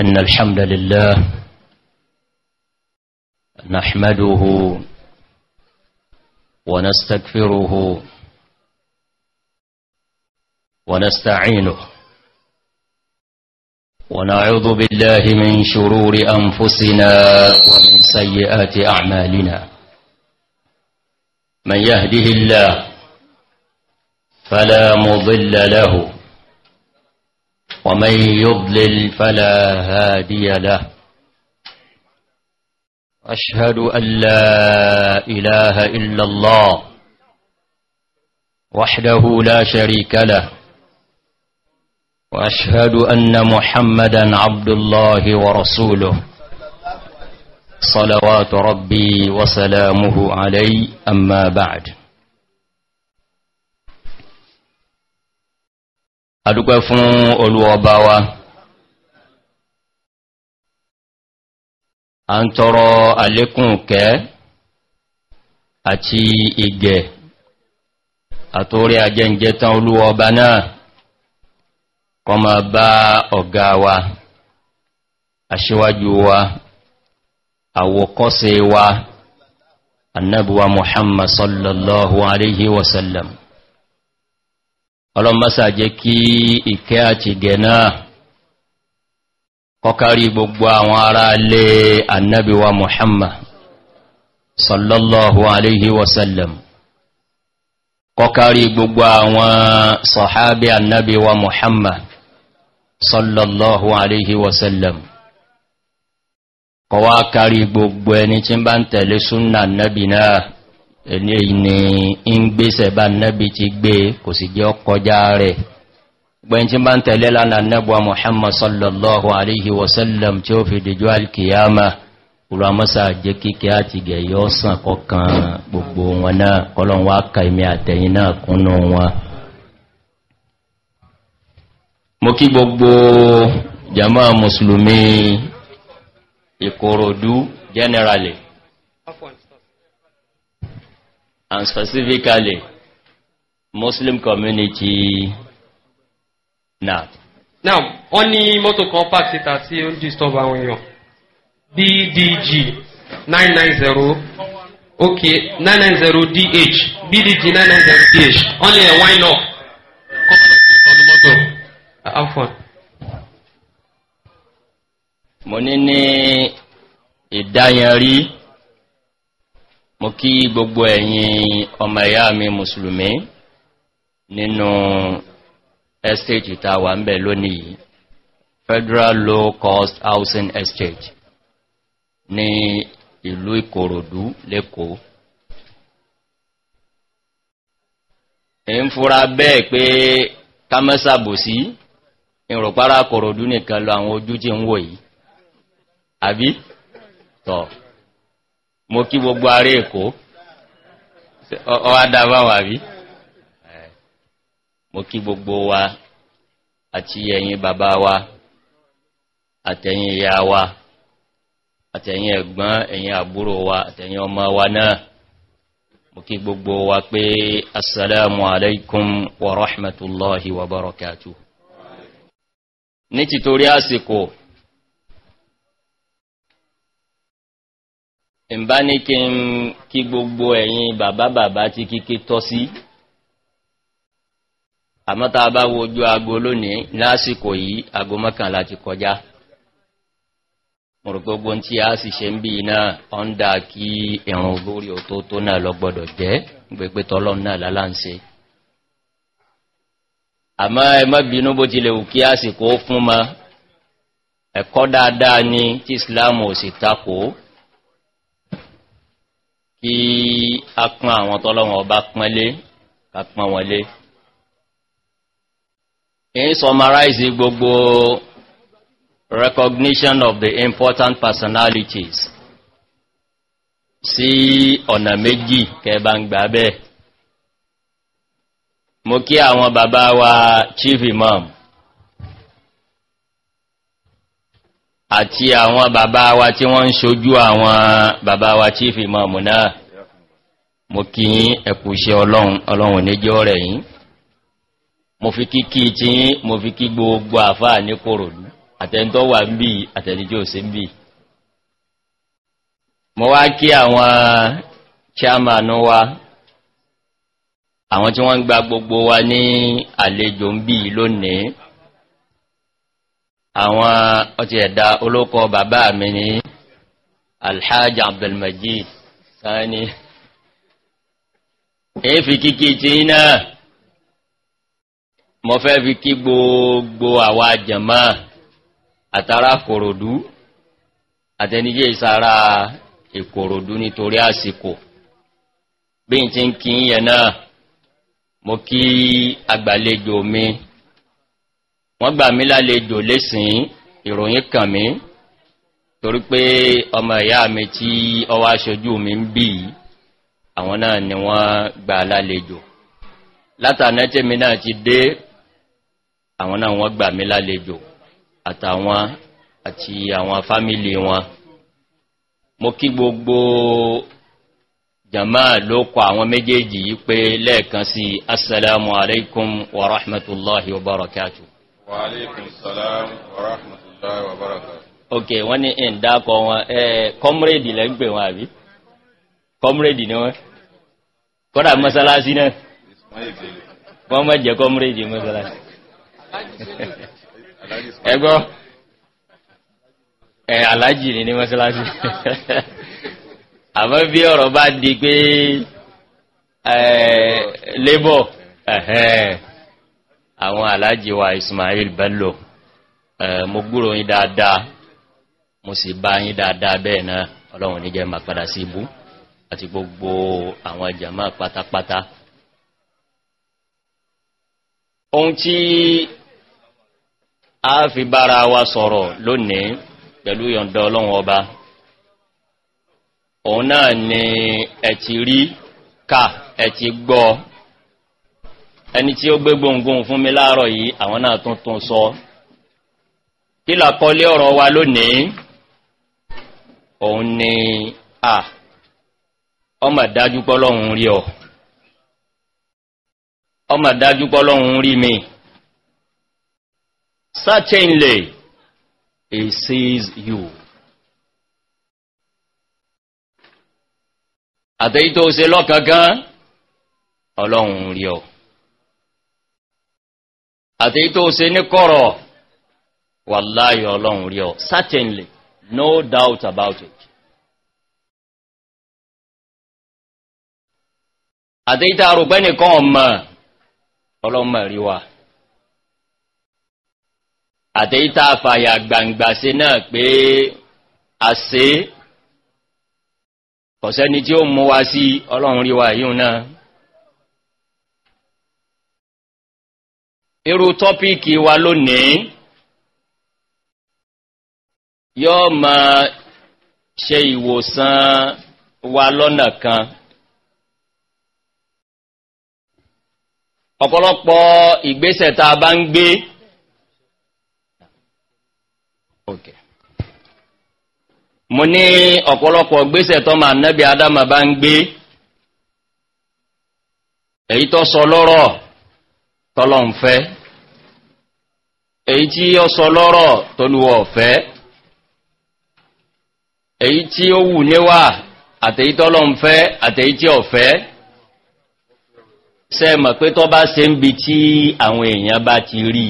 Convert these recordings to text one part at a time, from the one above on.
إن الحمد لله نحمده ونستغفره ونستعينه ونعوذ بالله من شرور أنفسنا ومن سيئات أعمالنا من يهده الله فلا مضل له ومن يضلل فلا هادي له أشهد أن لا إله إلا الله وحده لا شريك له وأشهد أن محمدا عبد الله ورسوله صلوات ربي وسلامه عليه أما بعد adúpẹ́ fún olúọba wa a ń tọrọ àlékún kẹ́ àti ìgẹ̀ àtórí ajẹ́ǹjẹ́ tán olúọba náà kọ ma bá ọ̀gá wa aṣíwájú wa àwòkọ́ṣe wa annabuwa muhammad sallallahu alaihi wasallam ọlọ́mbásá jẹ́ kí ìkẹ́ àti gẹ̀ẹ́nà kọkàrí gbogbo àwọn ará lè annabiwa muhammad sallallahu alaihi wasallam kọkàrí gbogbo àwọn sọ̀hábí annabiwa muhammad sallallahu alaihi wasallam kọwa kàrí gbogbo ẹni tí bá ń tẹ̀lé súnnà annabi náà ẹni ìní ìgbésẹ̀ bá nẹ́bí ti gbé kò sì jẹ́ ọkọjá rẹ̀ gbẹ̀yìn tí bá ń tẹ̀lé lánàá nẹ́bùwa muhammad sallallahu alaihi wasallam tí ó fi dìjọ alkiyama olùwàmọ́sà jẹ́ kíkẹ́ àti gẹ̀yọ́ sàn kọkàn gbogbo wọn náà kọlọ̀n wá ka ìmẹ́ àtẹ̀yìn náà kúnnù wọn mo kí gbogbo jama musulumi ìkòròdú generally and specifically Muslim community now. Now, wọ́n ní mọ́tò kan park síta tí ó ń disturb àwọn èèyàn. BDG nine nine zero ok nine nine zero DH BDG nine nine zero DH wọ́n ní ẹ̀ wáyé náà kọ́ lọ the ìtọ́nu mọ́tò afọ́n. Ah, Mo ní ní ìdáyẹn rí mo kí gbogbo ẹ̀yin ọmọ ìyá mi mùsùlùmí nínú estate ìta wà ń bẹ lónìí federal low cost housing estate ní ìlú ìkòròdú lẹ́kọ̀ọ́ èyí ń fura bẹ́ẹ̀ pé kámẹ́sàbòsí ìrọ̀pára kòròdú nìkan lọ àwọn ojú tí ń wò yìí àbí tọ̀ so. mo kí gbogbo ará èkó ọwá dábà wà bí mo kí gbogbo wa àti ẹ̀yin baba wa àtẹ̀yin ìyá wa àtẹ̀yin ẹgbọn, ẹyin àbúrò wa àtẹ̀yin ọmọ wa náà mo kí gbogbo wa pé Asalaamu alaikum wa rahmatullahi wa barakatuh ní títorí àsìkò ìbá ní kí n kí gbogbo ẹ̀yin bàbá bàbá tí kíké tọ́ sí àmọ́ta bá wojú aago lónìí lásìkò yìí aago mọ́kànlá ti kọjá mọ̀rọ̀gbogbo tí a sì ṣe ń bí iná ọ́ndà kí ẹ̀rùn lórí òtótó náà lọ gbọ́dọ̀ jẹ́ gbẹ̀gbẹ̀ tọ́lọ́n náà láláǹse àmọ́ ẹmọ́bìnú bó ti wù kí a sì kó fún ma ẹ̀kọ́ dáadáa ni tí islam ò sì takò kí a pán àwọn tọ́lọ́wọ̀n ọba pánlé ká pán wọn in summarize gbogbo recognition of the important personalities sí ọ̀nà méjì kẹba ń gbà bẹ́ẹ̀ mo kí àwọn bàbá wa chief imam àti àwọn bàbá wa tí wọ́n ń ṣojú àwọn bàbá wa tí fi mọ̀ mọ̀ náà mo kí yí ẹ̀kù iṣẹ́ ọlọ́run níjọ́ rẹ̀ yìí mo fi kí kí tí mo fi kí gbogbo àfáà ní kòròdú àtẹ́ntọ́ wà ń bí àtẹ́nijọ́ sí ń bí mo wá kí àwọn chairman wa àwọn tí wọ́n ń gba gbogbo wa ní àlejò ń bí lónìí àwọn ọtí ẹ̀dà olókọ bàbá mi ní alhaji abdulmajid sani èyí fi kíkí tí náà mọ́ fẹ́ fi kí gbogbo àwa jẹ̀mọ́ àtàrà kòròdú àtẹnijẹ́ ìsára ìkòròdú nítorí àsìkò bí n ti ń kí yẹn náà mo kí àgbàlejò mi wọ́n gbà mí lálejò lẹ́sìn ìròyìn kàn mí torí pé ọmọ ìyá mi tí ọwá aṣojú mi ń bí àwọn náà ni wọ́n gbà lálejò látàná tẹ́mi náà ti dé àwọn náà wọ́n gbà mí lálejò àtàwọn àti àwọn fámílì wọn mo kí gbogbo jama ló kọ àwọn méjèèjì yí pé lẹ́ẹ̀kan sí assalamu alaikum wa rahmatullahi wa barakatuh Ok, wọ́n ní ẹ̀ ń dákọ̀ wọn, ẹ̀ kọmrèdì lẹ́ ń pè wọn àbí? Kọmrèdì ni wọ́n? Kọ́dà mọ́sálásí náà? Wọ́n mọ́ jẹ́ kọmrèdì mọ́sálásí. Ẹgbọ́? Ẹ̀ alájì ni ní mọ́sálásí. Àmọ́ bí ọ̀rọ̀ bá di pé lébọ̀, ẹ̀hẹ́ àwọn alájíwa ismail bello mo gbúrò yí dáadáa mo sì bá yí dáadáa bẹ́ẹ̀ náà ọlọ́run ní jẹ́ ma padà sí ibú àti gbogbo àwọn jama pátápátá ohun tí a fi bára wa sọ̀rọ̀ lónìí pẹ̀lú yọ̀ndọ̀ ọlọ́run ọba òun náà ni ẹ̀ rí ká ẹ̀ gbọ́ ẹni tí ó gbé gbóngbóng fún mi láàárọ̀ yìí àwọn náà tuntun sọ kí làkọlé ọ̀rọ̀ wa lónìí òun ni à ọmọ dájú pọ́lọ́hun rí ọ ọmọ dájú pọ́lọ́hun rí mi certainly he sees you. àtẹ́yí tó ṣe lọ́kankan ọlọ́run rí ọ àti tó ṣe ní kọ́rọ̀ wallahi ọlọ́run rí ọ certainly no doubt about it àti ìta rògbẹ́ nìkan ọmọ ọlọ́mọ rí wa àti ìta àfàyà gbangba ṣe náà pé a ṣe kọ̀sẹ́ni tí ó mú wa sí ọlọ́run rí wa yíò náà irú tọ́píìkì wa lónìí yóò máa ṣe ìwòsàn wa lọ́nà kan ọ̀pọ̀lọpọ̀ ìgbésẹ̀ tá a bá ń gbé mo ní ọ̀pọ̀lọpọ̀ ìgbésẹ̀ tó máa nẹ́bí adama bá ń gbé èyí tó sọ lọ́rọ̀ tọ́lọ́n fẹ́ èyí tí ó sọ lọ́rọ̀ tolúwọ̀ fẹ́ èyí tí ó wù níwà àtèyí tọ́lọ́n fẹ́ àtèyí tí ó fẹ́ ṣe mọ̀ pé tọ́ bá ṣe ń bi tí àwọn èèyàn bá ti rí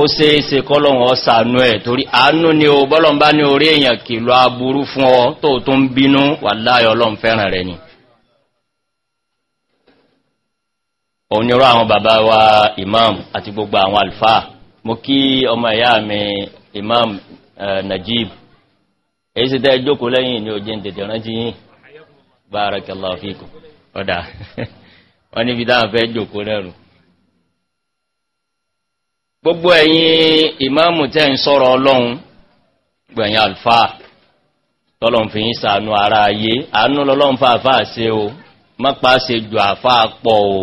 ó ṣe é ṣe kọ́lọ̀wọ̀n ọ̀sànú ẹ̀ torí àánú ni o bọ́lọ̀ ni ní orí èèyàn kìlọ aburú fún ọ tó tún bínú wà láyọ̀ ọlọ́run fẹ́ràn rẹ̀ ni. onírọ̀ àwọn bàbá wa imam àti gbogbo àwọn alfa mo kí ọmọ ìyá mi imam najib èyí sì tẹ́ jókòó lẹ́yìn ní òjé tètè rántí yìí barakallahu fikum ọ̀dá wọ́n níbi dáa fẹ́ jókòó lẹ́rù gbogbo ẹ̀yin imamu tẹ́ ń sọ̀rọ̀ ọlọ́run gbẹ̀yìn alfa tọ́lọ̀n fi ń sànú ara ayé àánú lọ́lọ́n fàáfà ṣe o mọ́pàá ṣe jù àfáà pọ̀ o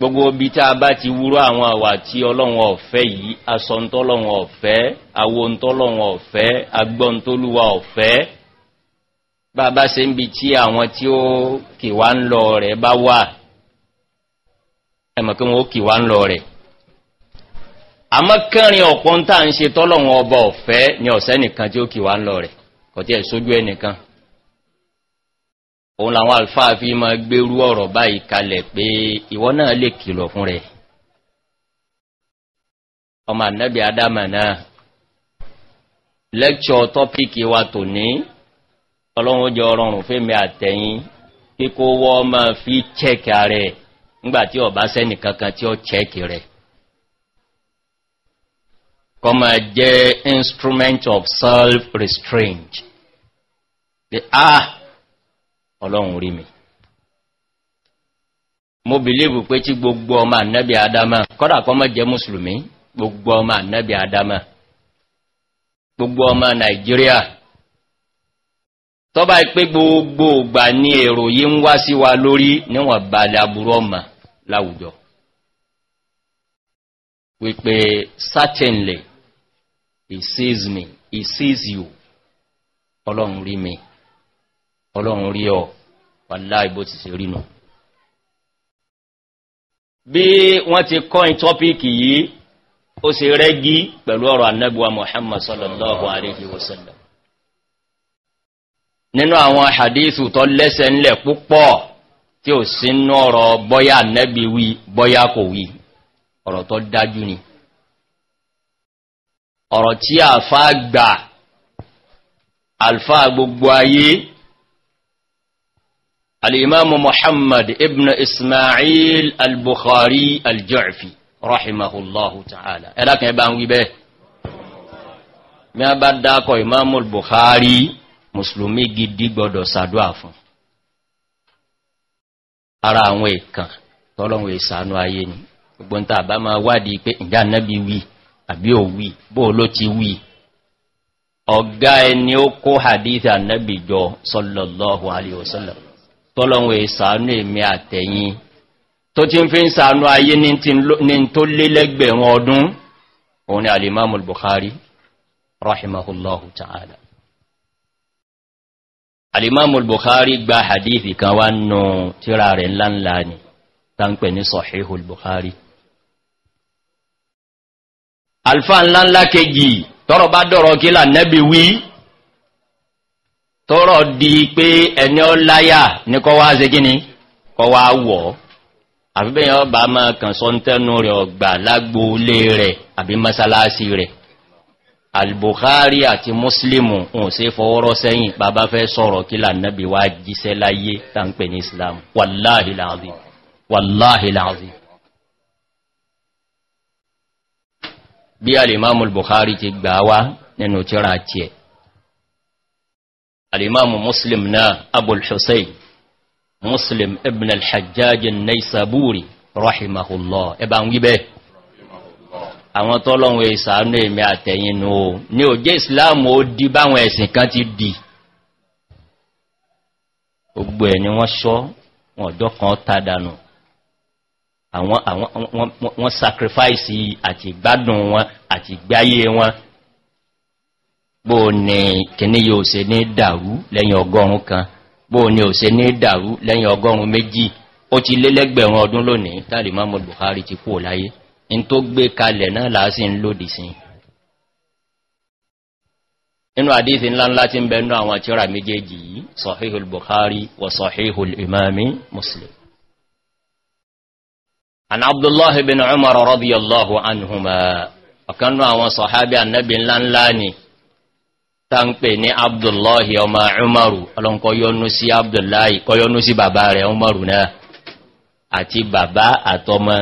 gbogbo bí tí a bá ti wúrú àwọn àwà tí ọlọ́run ọ̀fẹ́ yìí asọ́ntọ́lọ́run ọ̀fẹ́ awontọ́lọ́run ọ̀fẹ́ agbọ́ntólúwa ọ̀fẹ́ bàbá se ń bi tí àwọn tí ó kìwá ń lọ rẹ̀ bá wà ẹmọ̀ kí wọ́n ó kìwá ń lọ rẹ̀ àmọ́ kẹrin ọ̀pọ̀ ń tà ń ṣe tọ́lọ́run ọba ọ̀fẹ́ ni ọ̀sẹ́ nìkan tí ó kìwá ń lọ rẹ̀ kọ̀tí ẹ̀ sójú ẹnìkan òun làwọn alfáà fi ma gbérú ọ̀rọ̀ báyìí kalẹ̀ pé ìwọ náà lè kìlọ̀ fún rẹ̀ ọmọ ànẹ́bì adama náà lẹ́kṣọ́ tọ́píkì wa tò ní ọlọ́run jẹ́ ọrọ̀rùn fẹ́mẹ́ àtẹ̀yìn kíkó wọ́ ma fi chẹ́kì rẹ̀ ngbàtí ọba sẹ́nì kankan tí ó chẹ́kì rẹ̀ kọ ma jẹ́ instrument of self-restraint The ah ọlọ́run rí mi mo bìlíbù pé tí gbogbo ọmọ ànẹ́bì adama kọ́dà kọ́ mọ́ jẹ́ mùsùlùmí gbogbo ọmọ ànẹ́bì adama gbogbo ọmọ nàìjíríà tọ́bá ipé gbogbo ògbà ní èrò yí ń wá sí wa lórí níwọ̀n balẹ̀ aburú ọmọ láwùjọ wípé certainly he sees me he sees you ọlọ́run rí mi ọlọ́run rí ọ wàlá ìbò ti ṣe rínú bí wọ́n ti kọ́ in tọ́píkì yìí ó sì rẹ́gí pẹ̀lú ọ̀rọ̀ annabuwa muhammad sallallahu alaihi wasallam nínú àwọn hadithu tó lẹ́sẹ̀ ńlẹ̀ púpọ̀ tí ó sí nú ọ̀rọ̀ bọ́yá annabi wí bọ́yá kò wí ọ̀rọ̀ tó dájú ni ọ̀rọ̀ tí àfá gbà alfa gbogbo ayé al'imamu muhammad ibn ismail al-bukhari al-ju'fi rahimahullahu ta'ala ẹ̀dàkùn ẹba ń wíbẹ́ mi a bá dákọ̀ imamu al-bukhari musulmi gidi gbọdọ̀ sàdúà fún ara àwọn ìkàn tọ́lọ̀wọ̀ ìsànú ayé ni gbogbo ń tàbá ma wádìí pé ìjà nábi wí àbí ò wí bóò ló ti wí ọ̀gá ẹni ó kó hadith annabi jọ sallallahu alaihi wasallam kọ́lọ̀wọ̀ ìsànú èmì àtẹ̀yìn tó ti ń fi ń sànú ayé ní tó lé lẹ́gbẹ̀rún ọdún òun ni alimamu buhari rahimahullahu ta'ala alimamu buhari gba hadithi kan wá nù tíra rẹ̀ ńláńlá ni tánpẹ̀ ní sọ̀híhul buhari alfa ńláńlá kejì tọ́rọ bá dọ̀rọ̀ kí là wí tọ́rọ̀ di pé ẹni ọ láyà ní kọ́ wá ṣe gíní kọ́ wá wọ̀ àfibẹ̀yàn ọba ma kàn sọ tẹ́nu rẹ̀ ọgbà lágbó lé rẹ̀ àbí masalasi rẹ̀ al-bukhari àti muslimu ń se fọwọ́rọ́ sẹ́yìn bàbá fẹ́ sọ̀rọ̀ kí lànàbí wá jíṣẹ́ láyé tàǹpẹ̀ ní islam wàláhì bí al-imamul ti gbà wá nínú tíra tiẹ̀ alìmáàmù muslim náà abulhussein muslim ibn al-hajjajin naisaburi rahimahullah ẹba ń wíbẹ́ àwọn tọ́lọ́wọ́ ìsànú èmì àtẹ̀yìn o ní òjé islam ó dí báwọn ẹ̀sìn kan ti dì gbogbo ẹ̀ ni wọ́n ṣọ́ wọn ọ̀dọ́ kan tàdánù àwọn wọ́n sacrifice àti gbádùn wọn àti gbáyé wọn bó ní kìní yóò se ní dàrú lẹ́yìn ọgọ́rùn kan bó ní ò se ní dàrú lẹ́yìn ọgọ́rùn méjì ó ti lé lẹ́gbẹ̀rún ọdún lónìí tàbí mahmoud buhari ti kú láyé in tó gbé kalẹ̀ náà láàásí ń lòdì sí inú àdíṣì ńláńlá tí ń bẹ nú àwọn tíra méjèèjì yìí sọ̀híhul buhari wa sọ̀híhul imami muslim an abdullahi bin umar radiyallahu anhuma ọ̀kanú àwọn sọ̀hábí annabi ńláńlá ni ta ń pè ní abdullahi ọmọ umaru ọlọ́nkọyọ́nú sí abdullahi kọyọ́nú sí bàbá rẹ̀ umaru náà àti bàbá àtọmọ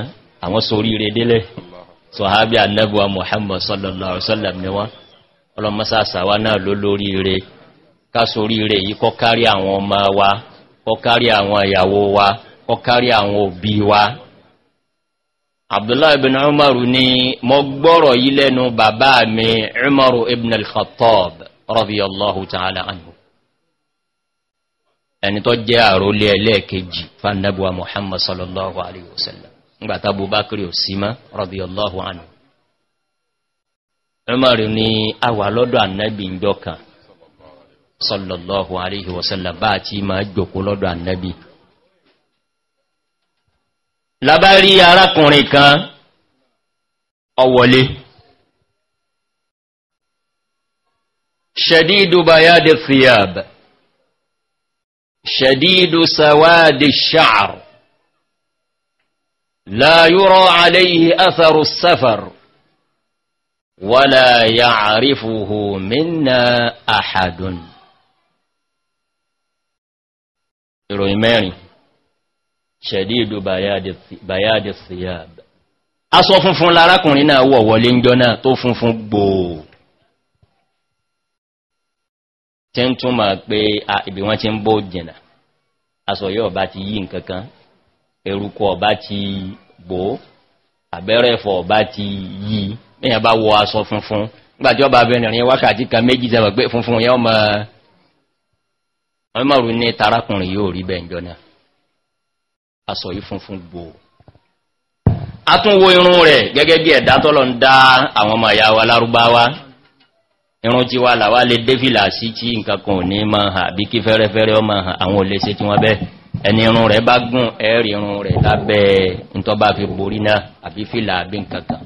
àwọn sórí rẹ̀ délẹ̀ sọ̀hábí annabuwa muhammad sallallahu alaihi wasallam ni wọ́n ọlọ́mọ́sàsàwá náà ló lórí rẹ̀ ká sórí rẹ̀ yí kọ́ kárí àwọn ọmọ wa kọ́ kárí àwọn ìyàwó wa kọ́ kárí àwọn òbí wa abdullahi ibn umaru ni mo gbọ́rọ̀ yí lẹ́nu bàbá mi umaru ibn al-khattab radiyallahu ta'ala anhu ẹni tó jẹ́ àrólé ẹlẹ́ẹ̀kejì fanabuwa muhammad sallallahu alayhi wasallam ngbàtà bubakiri ò sí má radiyallahu anhu umar ni a wà lọ́dọ̀ annabi njọ́ kan sallallahu alayhi wasallam bá ti ma jòkó lọ́dọ̀ annabi labari arákùnrin kan ọwọlé شديد بياد الثياب شديد سواد الشعر لا يرى عليه أثر السفر ولا يعرفه منا أحد رويماني شديد بياد بياد الثياب aṣọ فن لا ركن wọ̀ هو ń جنا náà فن بو tí ń túnmà pé ibi wọ́n ti ń bó jìnà aṣọ yóò bá ti yí nkankan eruku ọba ti bò àbẹ́rẹ́ fọ ọba ti yí mẹ́yàn bá wọ aṣọ funfun nígbàtí ọba abẹnrin wákàtí kan méjì sẹ́mọ̀ pé funfun yẹ́ ọmọ ọmọrù ní tarakùnrin yóò rí bẹ́ẹ̀njọ́ náà aṣọ yí funfun bò a wo irun rẹ̀ gẹ́gẹ́ bí ẹ̀dá tọ́lọ ń dá àwọn irun jí wà làwà lè défìlà sí tí nkankan ò ní máa hàn àbí kí fẹ́rẹ́fẹ́rẹ́ ọ máa hàn àwọn olèṣe tí wọ́n bẹ́ ẹni irun rẹ̀ bá gùn ẹ̀rì irun rẹ̀ lábẹ́ ntọ́bá fi borí náà àbí fìlà àbí nkankan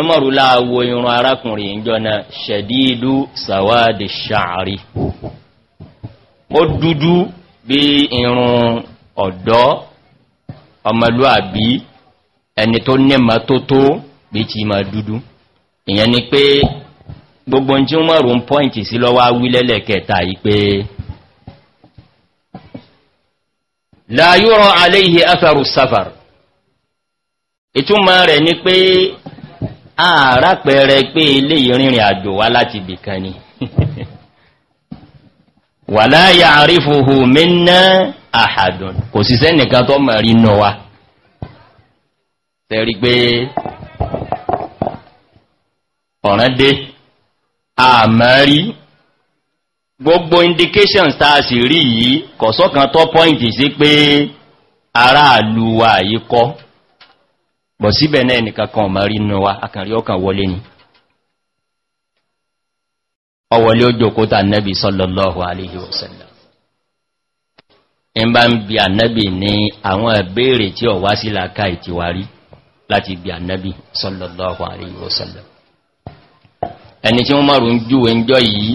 ọmọrù láàwọ irun arákùnrin ìjọ náà ṣẹ̀dí sàwádìí ṣàárí ó dúdú bí irun ọ̀dọ́ ọmọlúàbí ẹni tó ní ìyẹn ni pé gbogbo tí wọ́n mọ̀rún pọ́ìntì sí lọ́wọ́ wílẹ̀lẹ̀ kẹta yìí pé láyúrọ̀ aléhì afẹ́rù safar ìtúnmọ̀ rẹ̀ ni pé ààrá pẹ̀rẹ pé ilé ìrìnrìn àjò wá láti bìkan ni wà láyà àrífòhò mẹ́nà àhàdùn kò sí sẹ́nìkan tó mọ̀ rí náà wá tẹ́rí pé ọ̀rán dé àmọ́rí gbogbo indications tá a sì rí yìí kọ̀sọ́kan tó pọ́ìntì sí pé aráàlú wa yìí kọ́ bọ̀ síbẹ̀ náà nìkan kan ọ̀mọ́rí nù wa akànrí ọkàn wọlé ni ọwọ̀lé ó jòkó tà nẹ́bì sọ́lọ́lọ́hù aléhì òsẹ̀lẹ̀. in bá ń bí ànẹ́bì ní àwọn ẹ̀bẹ̀rẹ̀ tí ọ̀wá sí làkà ìtìwárí láti bí ànẹ́bì sọ́lọ́lọ́hù aléhì ẹni tí wọ́n márùn júwe ń jọ yìí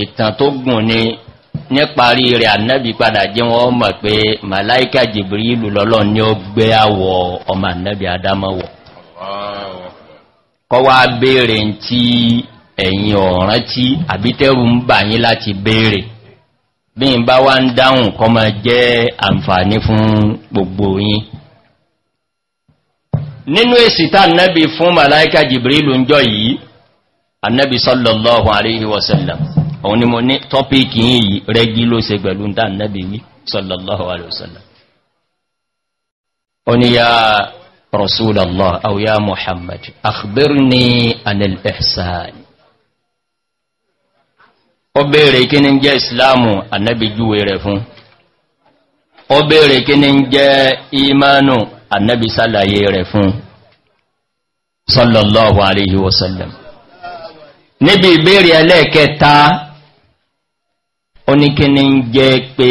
ìtàn tó gùn ni níparí rẹ̀ ànábì padà jẹ́ wọ́n mọ̀ pé màláíkà jìbìrìlù lọ́lọ́ ní ó gbé àwọ̀ ọmọ ànábì adámọ́wọ̀ kọ́ wá béèrè tí ẹ̀yìn ọ̀rán tí àbítẹ́rù ń bà yín láti béèrè bí n bá wá ń dáhùn kọ́ ma jẹ́ àǹfààní fún gbogbo yín nínú èsì tá ànábì fún màláíkà jìbìrìlù ń jọ yìí annabi sallallahu alaihi wasallam òun ni mo ní tọ́píkì yìí rẹ́gí ló se pẹ̀lú ń dá annabi wí sallallahu alaihi wasallam ó ní ya rasulallah au ya muhammad akhbirni anil ihsan ó béèrè kí ní jẹ́ islamu annabi júwe rẹ̀ fún ó béèrè kí ní imanu annabi sálàyé rẹ̀ fún sallallahu alaihi wasallam níbi ìbéèrè ẹlẹ́ẹ̀kẹta oníkíní ń jẹ́ pé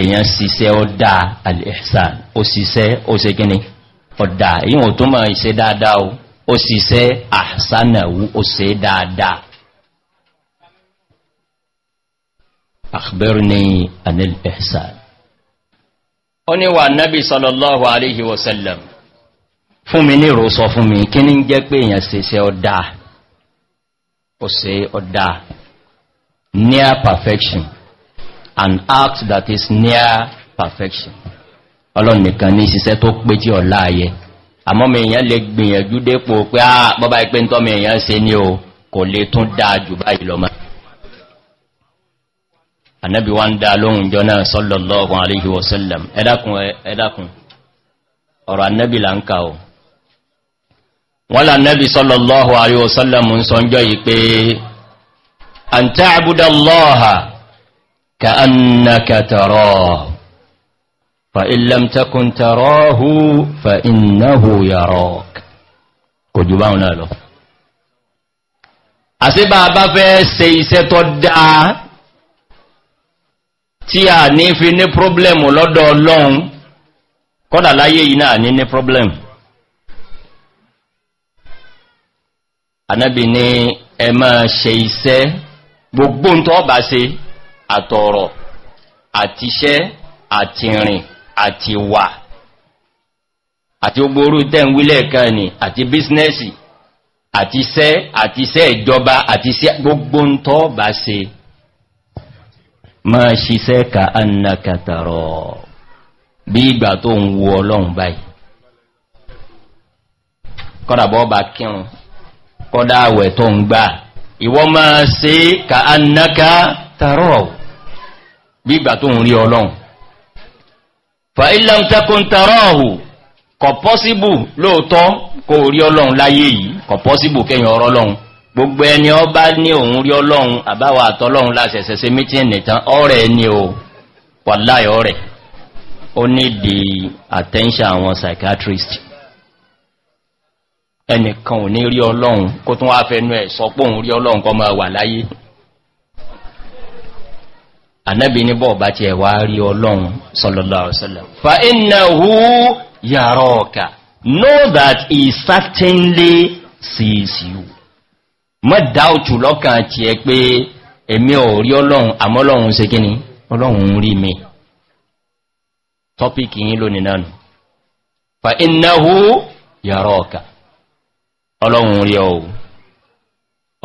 èyàn síṣẹ́ ọdá al-ihsan ó síṣẹ́ ó ṣe kíní ọ̀dá yíò tó mọ̀ ìṣe dáadáa o ó síṣẹ́ ahsanahu ó ṣe dáadáa akhbirni anil ihsan ó ní wà nábi sallallahu alaihi wasallam fún mi ní ìrò fún mi kí ní jẹ́ pé èyàn síṣẹ́ ọdá ó ṣe ọ̀dá near perfection an act that is near perfection ọlọ́run nìkan ní ìṣiṣẹ́ tó pé tí ọ̀lá ayẹ àmọ́ mi èèyàn lè gbìyànjú dépò pé á bọ́bá ipé ń tọ́mọ èèyàn ṣe ní o kò lè tún dáa jù báyìí lọ máa annabi wa ń dá lóhun jọ náà sọ́lọ̀lọ́ọ̀kùn aléhìwọ̀sọ́lẹ̀m ẹ̀dàkùn ọ̀rọ̀ annabi là ń ka o wọ́n lá nẹ́bí sọ́lọ̀lọ́hù àríwọ̀sọ́lọ̀mù ń sọ́njọ́ yìí pé an ta àbúdá lọ́ha ka an na ka tọrọ fa ilam takun tọrọ hu fa iná hu yàrọ kò jù báhùn náà lọ àsíbà bá fẹ́ se iṣẹ́ tó dáa tí a ní fi ní problem lọ́dọ̀ ọlọ́run kọ́dà láyé yìí náà ní ní problem anábì ní ẹ máa ṣe iṣẹ́ gbogbo ń tọ́ bá ṣe àtọ̀rọ̀ àtiṣẹ́ àtìrìn àtiwà àti ogboru tẹ́ǹwílẹ̀ kan ni àti bísínẹ́sì àtiṣẹ́ àtiṣẹ́ ìjọba àtiṣẹ́ gbogbo ń tọ́ bá ṣe máa ṣiṣẹ́ ka annaka tàrọ̀ bí ìgbà tó ń wo ọlọ́run báyìí kọ́dàbọ́ bá kírun kọ́dá àwẹ̀ tó ń gbà ìwọ máa ṣe ka annaka tàrọ gbígbà tó ń rí ọlọ́run fa ilam takun tàrọ̀hù kọ̀ pọ́síbù lóòtọ́ kò rí ọlọ́run láyé yìí kọ̀ pọ́síbù kẹyàn ọ̀rọ̀ ọlọ́run gbogbo ẹni ọ bá ní òun rí ọlọ́run àbáwà àtọ́lọ́run láṣẹ̀ṣẹ̀ mítíẹ̀ nìtàn di attention àwọn psychiatrist ẹnìkan ò ní rí ọlọ́run kó tún wá fẹ́nu ẹ̀ sọ pé òun rí ọlọ́run kọ máa wà láyé ànábì ní bọ́ọ̀bá ti ẹ̀wà rí ọlọ́run sallallahu innahu yaraka know that he certainly sees you mọ́ dáòtù lọ́kàn ti ẹ pé èmi ò rí ọlọ́run àmọ́lọ́run ṣe kíni ọlọ́run rí mi tọ́pìkì yìí lónìí náà fa innahu yaraka ọlọ́run rí ọ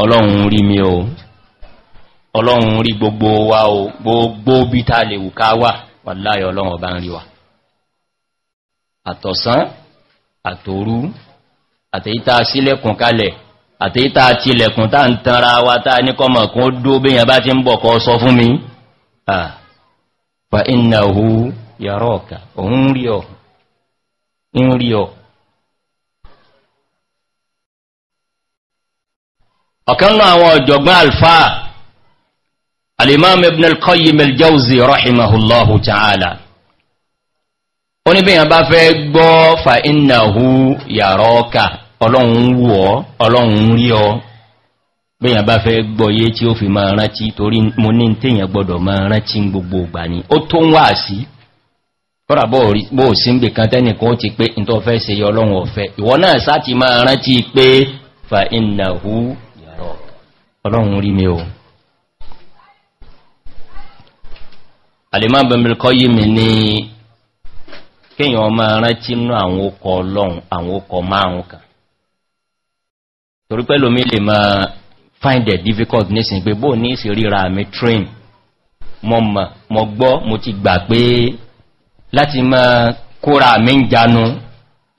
ọlọ́run rí mi o ọlọ́run rí gbogbo wa o gbogbo bí ta lè wù ká wà wà láyé ọlọ́run ọba ń rí wa àtọ̀sán àtòrú àtẹ́yítà sílẹ̀kùn kalẹ̀ àtẹ́yítà tilẹ̀kùn tá ń tanra wa tá ní kọmọ̀ kún ó dó bí yẹn bá ti ń bọ̀ kọ sọ fún mi fa ináhú yàrá ọ̀kà òun rí ọ̀ ọ̀kan náà àwọn ọ̀jọ̀gbọ́n alfáà alimam ibn al-qayyim al-jawzi rahimahullahu ta'ala ó ní bíyàn bá fẹ́ gbọ́ fa innahu yaraka ọlọ́run wù ọ́ ọlọ́run rí ọ bíyàn bá fẹ́ gbọ́ yé tí ó fi máa rántí torí mo ní tíyàn gbọ́dọ̀ máa rántí gbogbo ìgbà ni ó tó bó sí ń bè kan tẹ́nìkan ó ti pé ìtọ́fẹ́ se ọlọ́run ọ̀fẹ́ ìwọ náà sá máa rántí pé fa innahu ọlọ́run rí mi o àlèmọ́ bẹ̀mìlìkọ́ yìí mi ní kíyàn ọmọ rántí nú àwọn okọ̀ ọlọ́run àwọn okọ̀ márùn kan torí pẹ́lú lè máa find it difficult nísìn pé bóò ní ìsì ríra mi train mọ́ mọ́ gbọ́ mo ti gbà pé láti máa kóra mi ń janu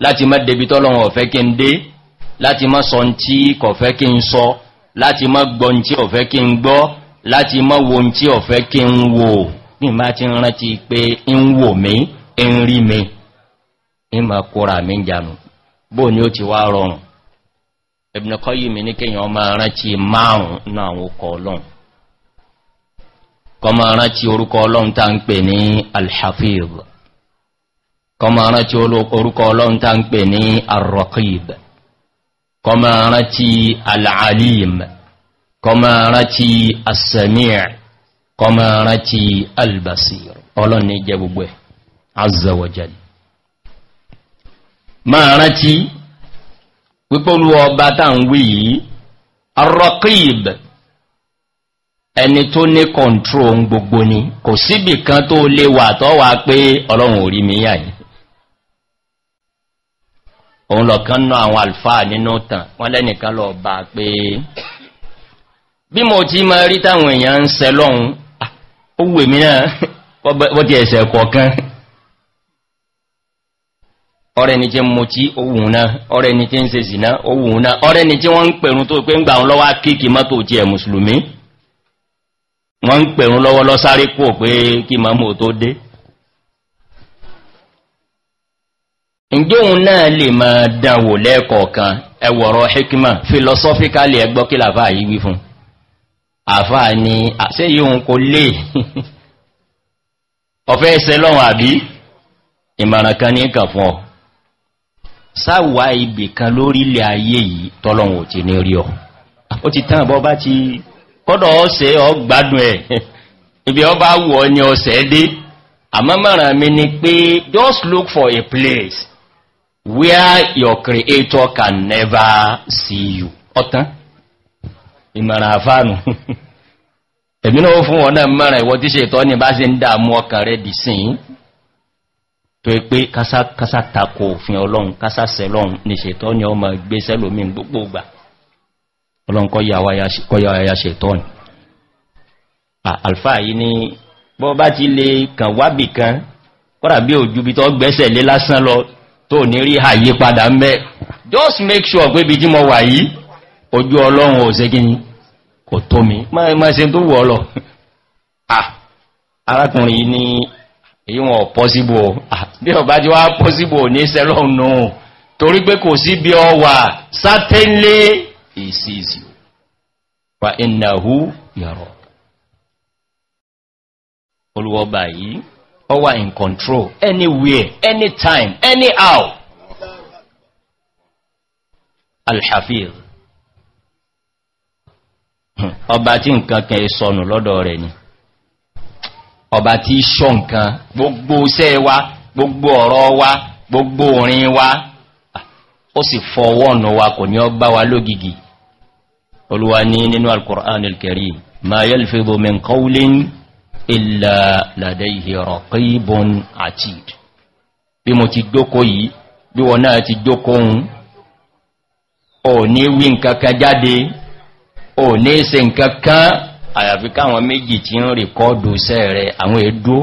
láti máa debitọ́lọ́run ọ̀fẹ́ kí n dé láti máa sọ tí kọ̀fẹ́ kí n sọ so, láti mọ́ gbọ́n tí ọ̀fẹ́ kí ń gbọ́ láti mọ́ wo tí ọ̀fẹ́ kí ń wò ní má ti rántí pé ń wò mí ń rí mi ń ma kóra mi jànù bó ni ó ti wá rọrùn ẹ̀bìnàkọ́ yìí mi ní kíyàn ọmọ rántí márùn-ún náà àwọn ọkọ̀ orúkọ ọlọ́run tá ń pè ní alhafib kọmọ rántí al'alim kọmọ rántí asami' kọmọ rántí albasir ọlọ́ni jẹ gbogbo ẹ̀ azza wa jalla máa rántí wípọ́lú ọba tá ń wí yìí arraqib ẹni tó ní kọ̀ntró gbogbo ni kò síbì kan tó lè wà tọ́ pé ọlọ́run ò mi yà òun lọ̀kan náà àwọn alfáà nínú tàn wọ́n lẹ́nìkan lọ bá pé bí mo ti ma rí táwọn èèyàn ń sẹ lọ́hun ah, ó wè mí náà bọ́ ti ẹ̀sẹ̀ kọ̀ọ̀kan ọ̀rẹ́ ni tí mo ohun náà ọ̀rẹ́ ni tí ń se sí náà ohun náà ọ̀rẹ́ ni tí wọ́n ń pẹ̀rún tó pé ń gbà wọn lọ́wọ́ kíkì mọ́tò ǹjẹ́ òun náà lè máa dánwò lẹ́ẹ̀kọ̀ọ̀kan ẹwọ̀rọ̀ hikima philosophically ẹgbọ́ kí làfà yìí wí fún àfà ni àṣẹ yìí òun kò lè ọ̀fẹ́ ẹsẹ̀ lọ́wọ́ àbí ìmọ̀ràn kan ní kàn fún ọ sáwà ibì kan lórílẹ̀ ayé yìí tọ́lọ́wọ̀n ti ní rí ọ ó ti tán àbọ́ bá ti kọ́dọ̀ ọ̀sẹ̀ ọ gbádùn ẹ̀ ibi ọ bá wù ni ọ̀sẹ̀ dé àmọ́ mi ni pé just look for a place where your creator can never see you ọ̀tán ìmọ̀ràn àfáànù ẹ̀mí náà fún wọn náà mẹ́rin ìwọ tí ṣètọ́ ní bá ṣe ń dààmú ọkàn rẹ̀ dì sín tó ẹ pé kásá takò òfin ọlọ́run kásá sẹlọ́run ní ṣètọ́ ní ọmọ ẹgbẹ́ sẹ́lòmín gbogbo ìgbà ọlọ́run kọ́yà ṣètọ́ ni àlfà yìí ni bọ́ bá ti lè kàn wábì kan kọ́dà bí òjú bí tọ́ gbẹ́sẹ̀ lé lásán lọ tó ní rí àyí padà ń bẹ́ just make sure pé bí tí mo wà yìí ojú ọlọ́run ò ségíní kò tó mi máa ṣe tó wọ́ lọ arákùnrin ní ìwọ̀n possible bí ọba tí wá possible ní sẹ́lọ́n náà torí pé kò sí bí ọ wà sátẹ́lé ìsìsì Wa ìnàhú yàrọ̀ olùwọ́ba yìí Power in control anywhere anytime anyhow alhafiz hmm. ọba tí nǹkan kan sọnù lọ́dọ̀ rẹ̀ ni ọba tí ṣọ́ nǹkan gbogbo iṣẹ́ wa gbogbo ọ̀rọ̀ wa gbogbo orin wa ó sì fọwọ́ ọ̀nà wa kò ní ọba wa lógigi olúwa ní nínú alkùnrin alkẹ̀rí ma yẹ́lfẹ́ bomin kọ́ulín ìlà làdẹ́yìí rọ̀kí ìbọn àti bí mo ti jókó yìí bí wọ́n náà ti jókó ohun ò ní wí nkankan jáde ò ní ṣe nkankan àyàfi káwọn méjì tí ń rìkọ́dù sẹ́ rẹ̀ àwọn èdú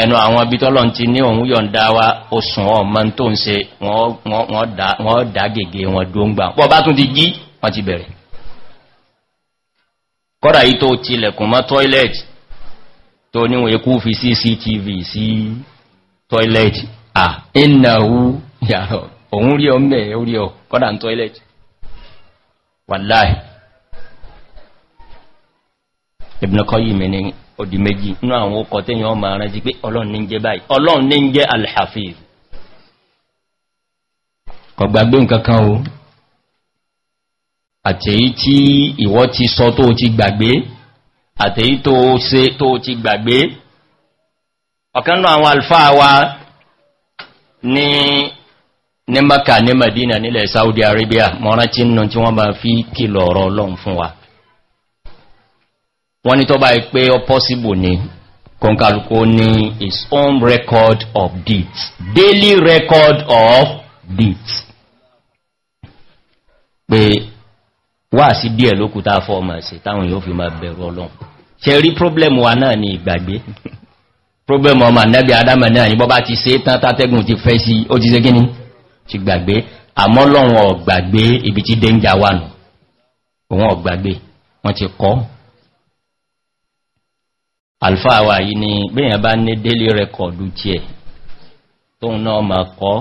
ẹnu àwọn abítọ́lọ̀ ti ní òun yọ̀nda wa oṣùn ọmọ tó ń se wọ́n dá gègé wọn dó ń bá tún ti jí wọ́n ti bẹ̀rẹ̀ kọ́rà yí tó tilẹ̀kùn mọ́ toilet tó níwọ̀n ikú fi cctv sí toilet à ináwó yàrá òun rí ọ mẹ́ orí ọ kọ́rà toilet wàláì ibn qayyim ni odi méjì inú àwọn ọkọ̀ tẹ́yàn ọmọ ara sí pé ọlọ́run ní àtèyí tí ìwọ ti sọ tó ti gbàgbé àtèyí tó ṣe tó ti gbàgbé ọ̀kan náà àwọn alfáà wa ní ní maka ní madina nílẹ̀ saudi arabia mọ́rán tí nù tí wọ́n bá fi kìlọ̀ ọ̀rọ̀ ọlọ́run fún wa wọ́n ni tó bá pé ọ pọ́síbò ní kọǹkàlùkò ní his own record of deeds daily record of deeds pé wà sí díẹ̀ lókúta fọ́ọ̀mọ̀ sí táwọn yóò fi máa bẹ̀rù ọlọ́run ṣe rí problem wa náà ni ìgbàgbé problem ọmọ ànẹ́bí adámẹ̀ náà ní bọ́bá ti ṣe tán tátẹ́gùn ti fẹ́ sí ó ti ṣe gíní ti gbàgbé àmọ́ lọ́run ọ̀gbàgbé ibi tí dẹ́njà wà nù òun ọ̀gbàgbé wọ́n ti kọ́ alfáà wà yìí ni bẹ́yàn bá ní délé rẹkọ̀dù tiẹ̀ tóun náà mọ̀ kọ́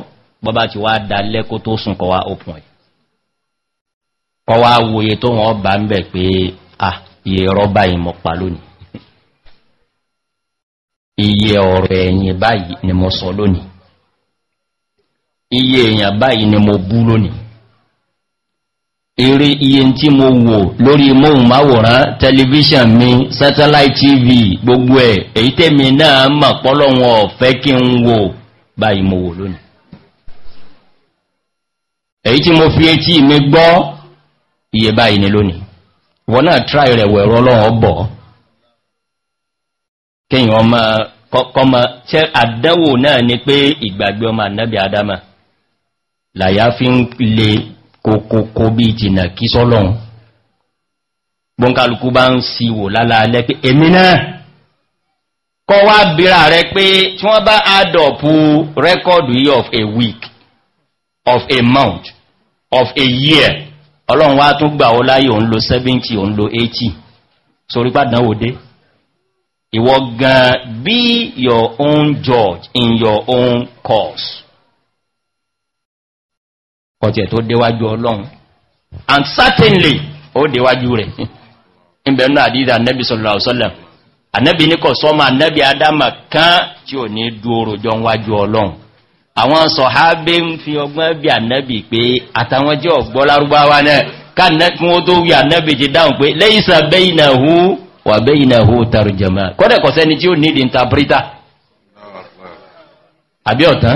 bọ́bá ti wá dalẹ́ kó tó sùn wá ó pọ̀ yìí kọ́ awoye tó wọ́n bá ń bẹ̀ pé à iye rọ́bà ìmọ̀ pa lónìí iye ọ̀rọ̀ ẹ̀yìn báyìí ni mo sọ lónìí iye èèyàn báyìí ni mo bú lónìí eré iye tí mo wò lórí tẹlifíṣàn mi satellite tv gbogbo ẹ̀ èyí tẹ́mi náà mọ̀ pọ́lọ́wọ́n ọ̀fẹ́ kí n wò báyìí mo wò lónìí èyí tí mo fi etí mi iye báyìí ni lónìí wọ́n náà tráì rẹ̀ wẹ̀rọ ọlọ́run ọbọ̀ kíyàn ọmọ kọmọ tẹ́ àdánwò náà ni pé ìgbàgbé ọmọ ànábì adama làyá fi ń le kòkòkò bí jìnà kí sọ́lọ́run gbọ́nkálukú bá ń si wò lálàálẹ́ pé èmi náà kọ́ wá bíra rẹ pé tí wọ́n bá add up record of a week of a month of a year ọlọ́run wá tún gbà ó láyé òun lo 70 òun lo 80 sorí pàdán òdé ìwọ gan be your own judge in your own cause ọ̀tẹ̀ tó déwájú ọlọ́run and certainly ó déwájú rẹ̀ ìbẹ̀nú àdídà nẹ́bí sọ̀rọ̀ ọ̀sọ́lẹ̀ ànẹ́bí ní kọ̀ sọ́mà nẹ́bí adama kan tí ò ní dúró jọ wájú ọlọ́run àwọn sọ̀hábé ń fi ọgbọ́n bí ànẹ́bì pé àtàwọn jẹ́ ọ̀gbọ́ lárúbáwá náà káàkiri ó tó wí ànẹ́bì ti dáhùn pé lẹ́yìnsà bẹ́yìnàhú wà bẹ́yìnàhú tarjama kọ́dẹ̀kọ́ sẹ́ni tí ó ní ìdíntàbríta àbíọ̀tán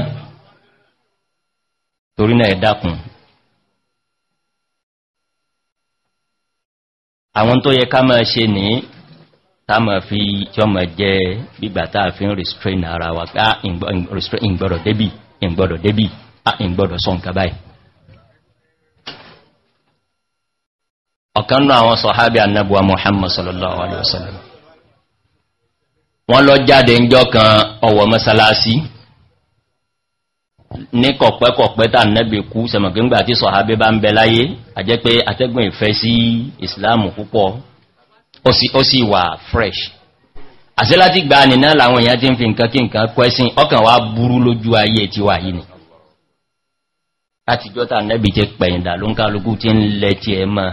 torí náà ẹ̀dàkùn àwọn tó yẹ ká máa ṣe ní táàmà fi tí ọmọ jẹ́ gbígbà táà fi ń restrain ara wa ká ìgbọ̀rọ̀ débì ìgbọ́dọ̀ débì ìgbọ́dọ̀ sọ nǹkan báyìí ọ̀kan náà àwọn sọ̀hábí annabuwa muhammad sallallahu alaihi wasallam wọ́n lọ jáde ń jọ kan ọwọ̀ mọ́sálásí ní kọ̀pẹ́kọ̀pẹ́ tà nẹ́bì kú sẹmọ̀gbẹ́ngbà tí sọ̀hábí bá ń bẹ láyé àjẹ́ pé atẹ́gbọ̀n ìfẹ́ sí ìsìláàmù púpọ̀ ó sì wà fresh àṣẹ láti gbà nìna làwọn èèyàn ti ń fi nǹkan kí nǹkan kwẹ́sìn ọkàn wá burú lójú ayé ti wà yìí ni láti jọta nẹ́bì ti pẹ̀yìndà ló ń kálukú ti ń lẹ ti ẹ mọ́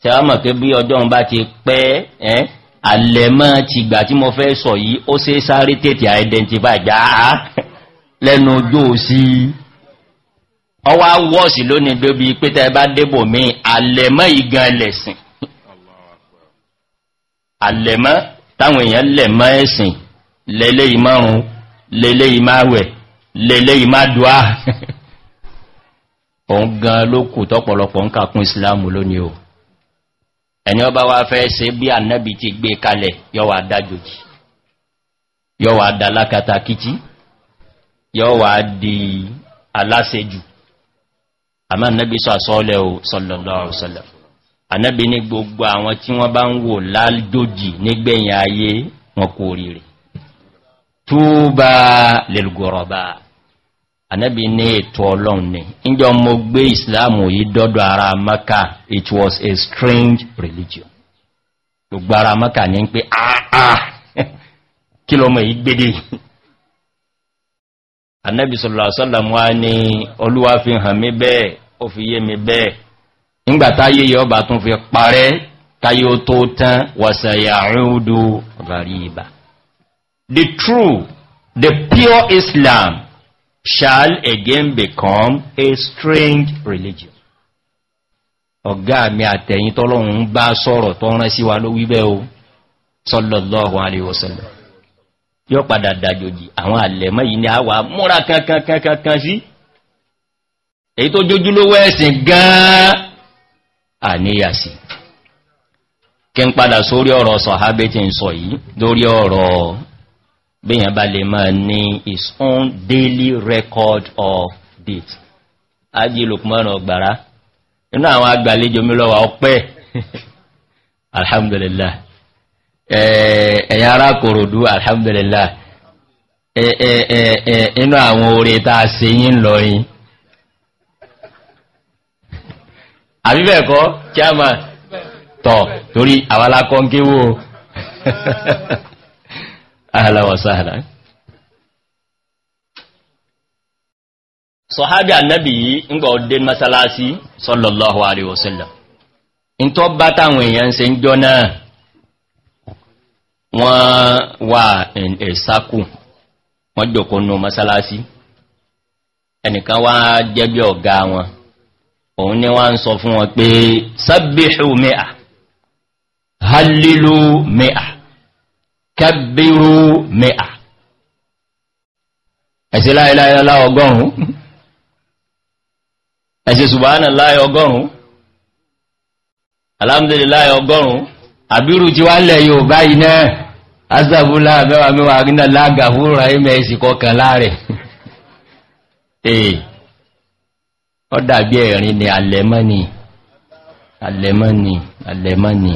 tí a mọ̀ pé bí ọjọ́ bá ti pẹ́ ẹ́ alẹ́mọ́ ti gbà tí mo fẹ́ sọ yìí ó sé sáré tètè identify já lẹ́nu ojú sí ọwá wọ́ọ̀sì lónìí débi pé tẹ́ bá débò mí alẹ́mọ́ igan lẹ̀sìn alẹ́mọ́ táwọn èèyàn lẹ̀ mọ́ ẹ̀sìn lẹ́lẹ́ ìmọ́run lẹ́lẹ́ ìmáwẹ̀ lẹ́lẹ́ ìmádùá òun gan ló kù tọ́pọ̀lọpọ̀ ń kàkún ìsìláàmù lónìí o ẹni ọba wá fẹ́ ṣe bí ànábì ti gbé kalẹ̀ yọ́wà dájòjì yọ́wà dálákàtà kìtì yọ́wà di aláṣejù àmá ànábì sọ àsọ́ọ́lẹ̀ o sọ́lọ̀lọ́ anábi ní gbogbo àwọn tí wọ́n bá ń wò lájójì nígbẹ̀yìn ayé wọn kò rírì tó bá lèlgọ̀rọ̀bá anábi ní ètò ọlọ́run ni ìjọ mo gbé ìsìláàmù yìí dọ́dọ̀ ara maka it was a strange religion gbogbo ara maka ní pé àà ah, ah. kí lọmọ yìí gbédè anábi sọ̀rọ̀ sọ́lọ̀mù wa ni olúwa fi hàn mí bẹ́ẹ̀ ó fi yé mi bẹ́ẹ̀ nígbàtá yíyẹ ọba tún fi parẹ́ táyé ó tó tán wàsàyà rúdú ghariba the true the pure islam shall again become a strange religion ọ̀gá mi àtẹ̀yìn tọ́lọ́run bá sọ̀rọ̀ tó rán sí wa ló wíbẹ́ o sọ́lọ̀lọ́hùn aléwòsànlẹ̀ yóò padà dàjòjì àwọn àlẹ̀mọ́ yìí ni a wà múra kankankankan sí èyí tó jójúlówó ẹ̀sìn gan-an àníyàsí kí n padà sórí ọ̀rọ̀ sọ̀hábé tí ń sọ yìí lórí ọ̀rọ̀ bíyàn bá lè máa ní his own daily record of date ájí lukman ọgbàrá inú àwọn agbàlejò mílọ́wà ọpẹ́ alhamdulillah ẹ̀yà ara kòròdú alhamdulillah inú àwọn orí ta se yí ń lọ àbí bẹ́ẹ̀ kọ́ kí a máa tọ̀ torí àwàlákọ́ ń kéwó ahàlàwàsáàlá sọ̀hábí annabi yìí ń gbọ́ masalasi sallallahu alaihi in tó bá táwọn èèyàn ṣe ń jọ náà wọ́n wà ẹ̀sákù wọ́n jòkó nù masalasi ẹnìkan wá ọ̀gá wọn òun ni wá ń sọ fún wọn pé sábíhù mẹ́à hallilu mẹ́à kábírù mẹ́à ẹ̀sí láìláìlá ọgọ́rùn-ún ẹ̀sí ṣùgbọ́n láì ọgọ́rùn-ún alhamdulillah ọgọ́rùn-ún àbírù tí wá lẹ̀ yóò báyìí náà azàbúlá mẹ́wàá mẹ́wàá rí náà lágàfúrà ẹ̀mẹ́ ẹ̀sì kọkànlá rẹ̀ ọ dàbí ẹ̀rin ni alẹ́mọ́ni alẹ́mọ́ni alẹ́mọ́ni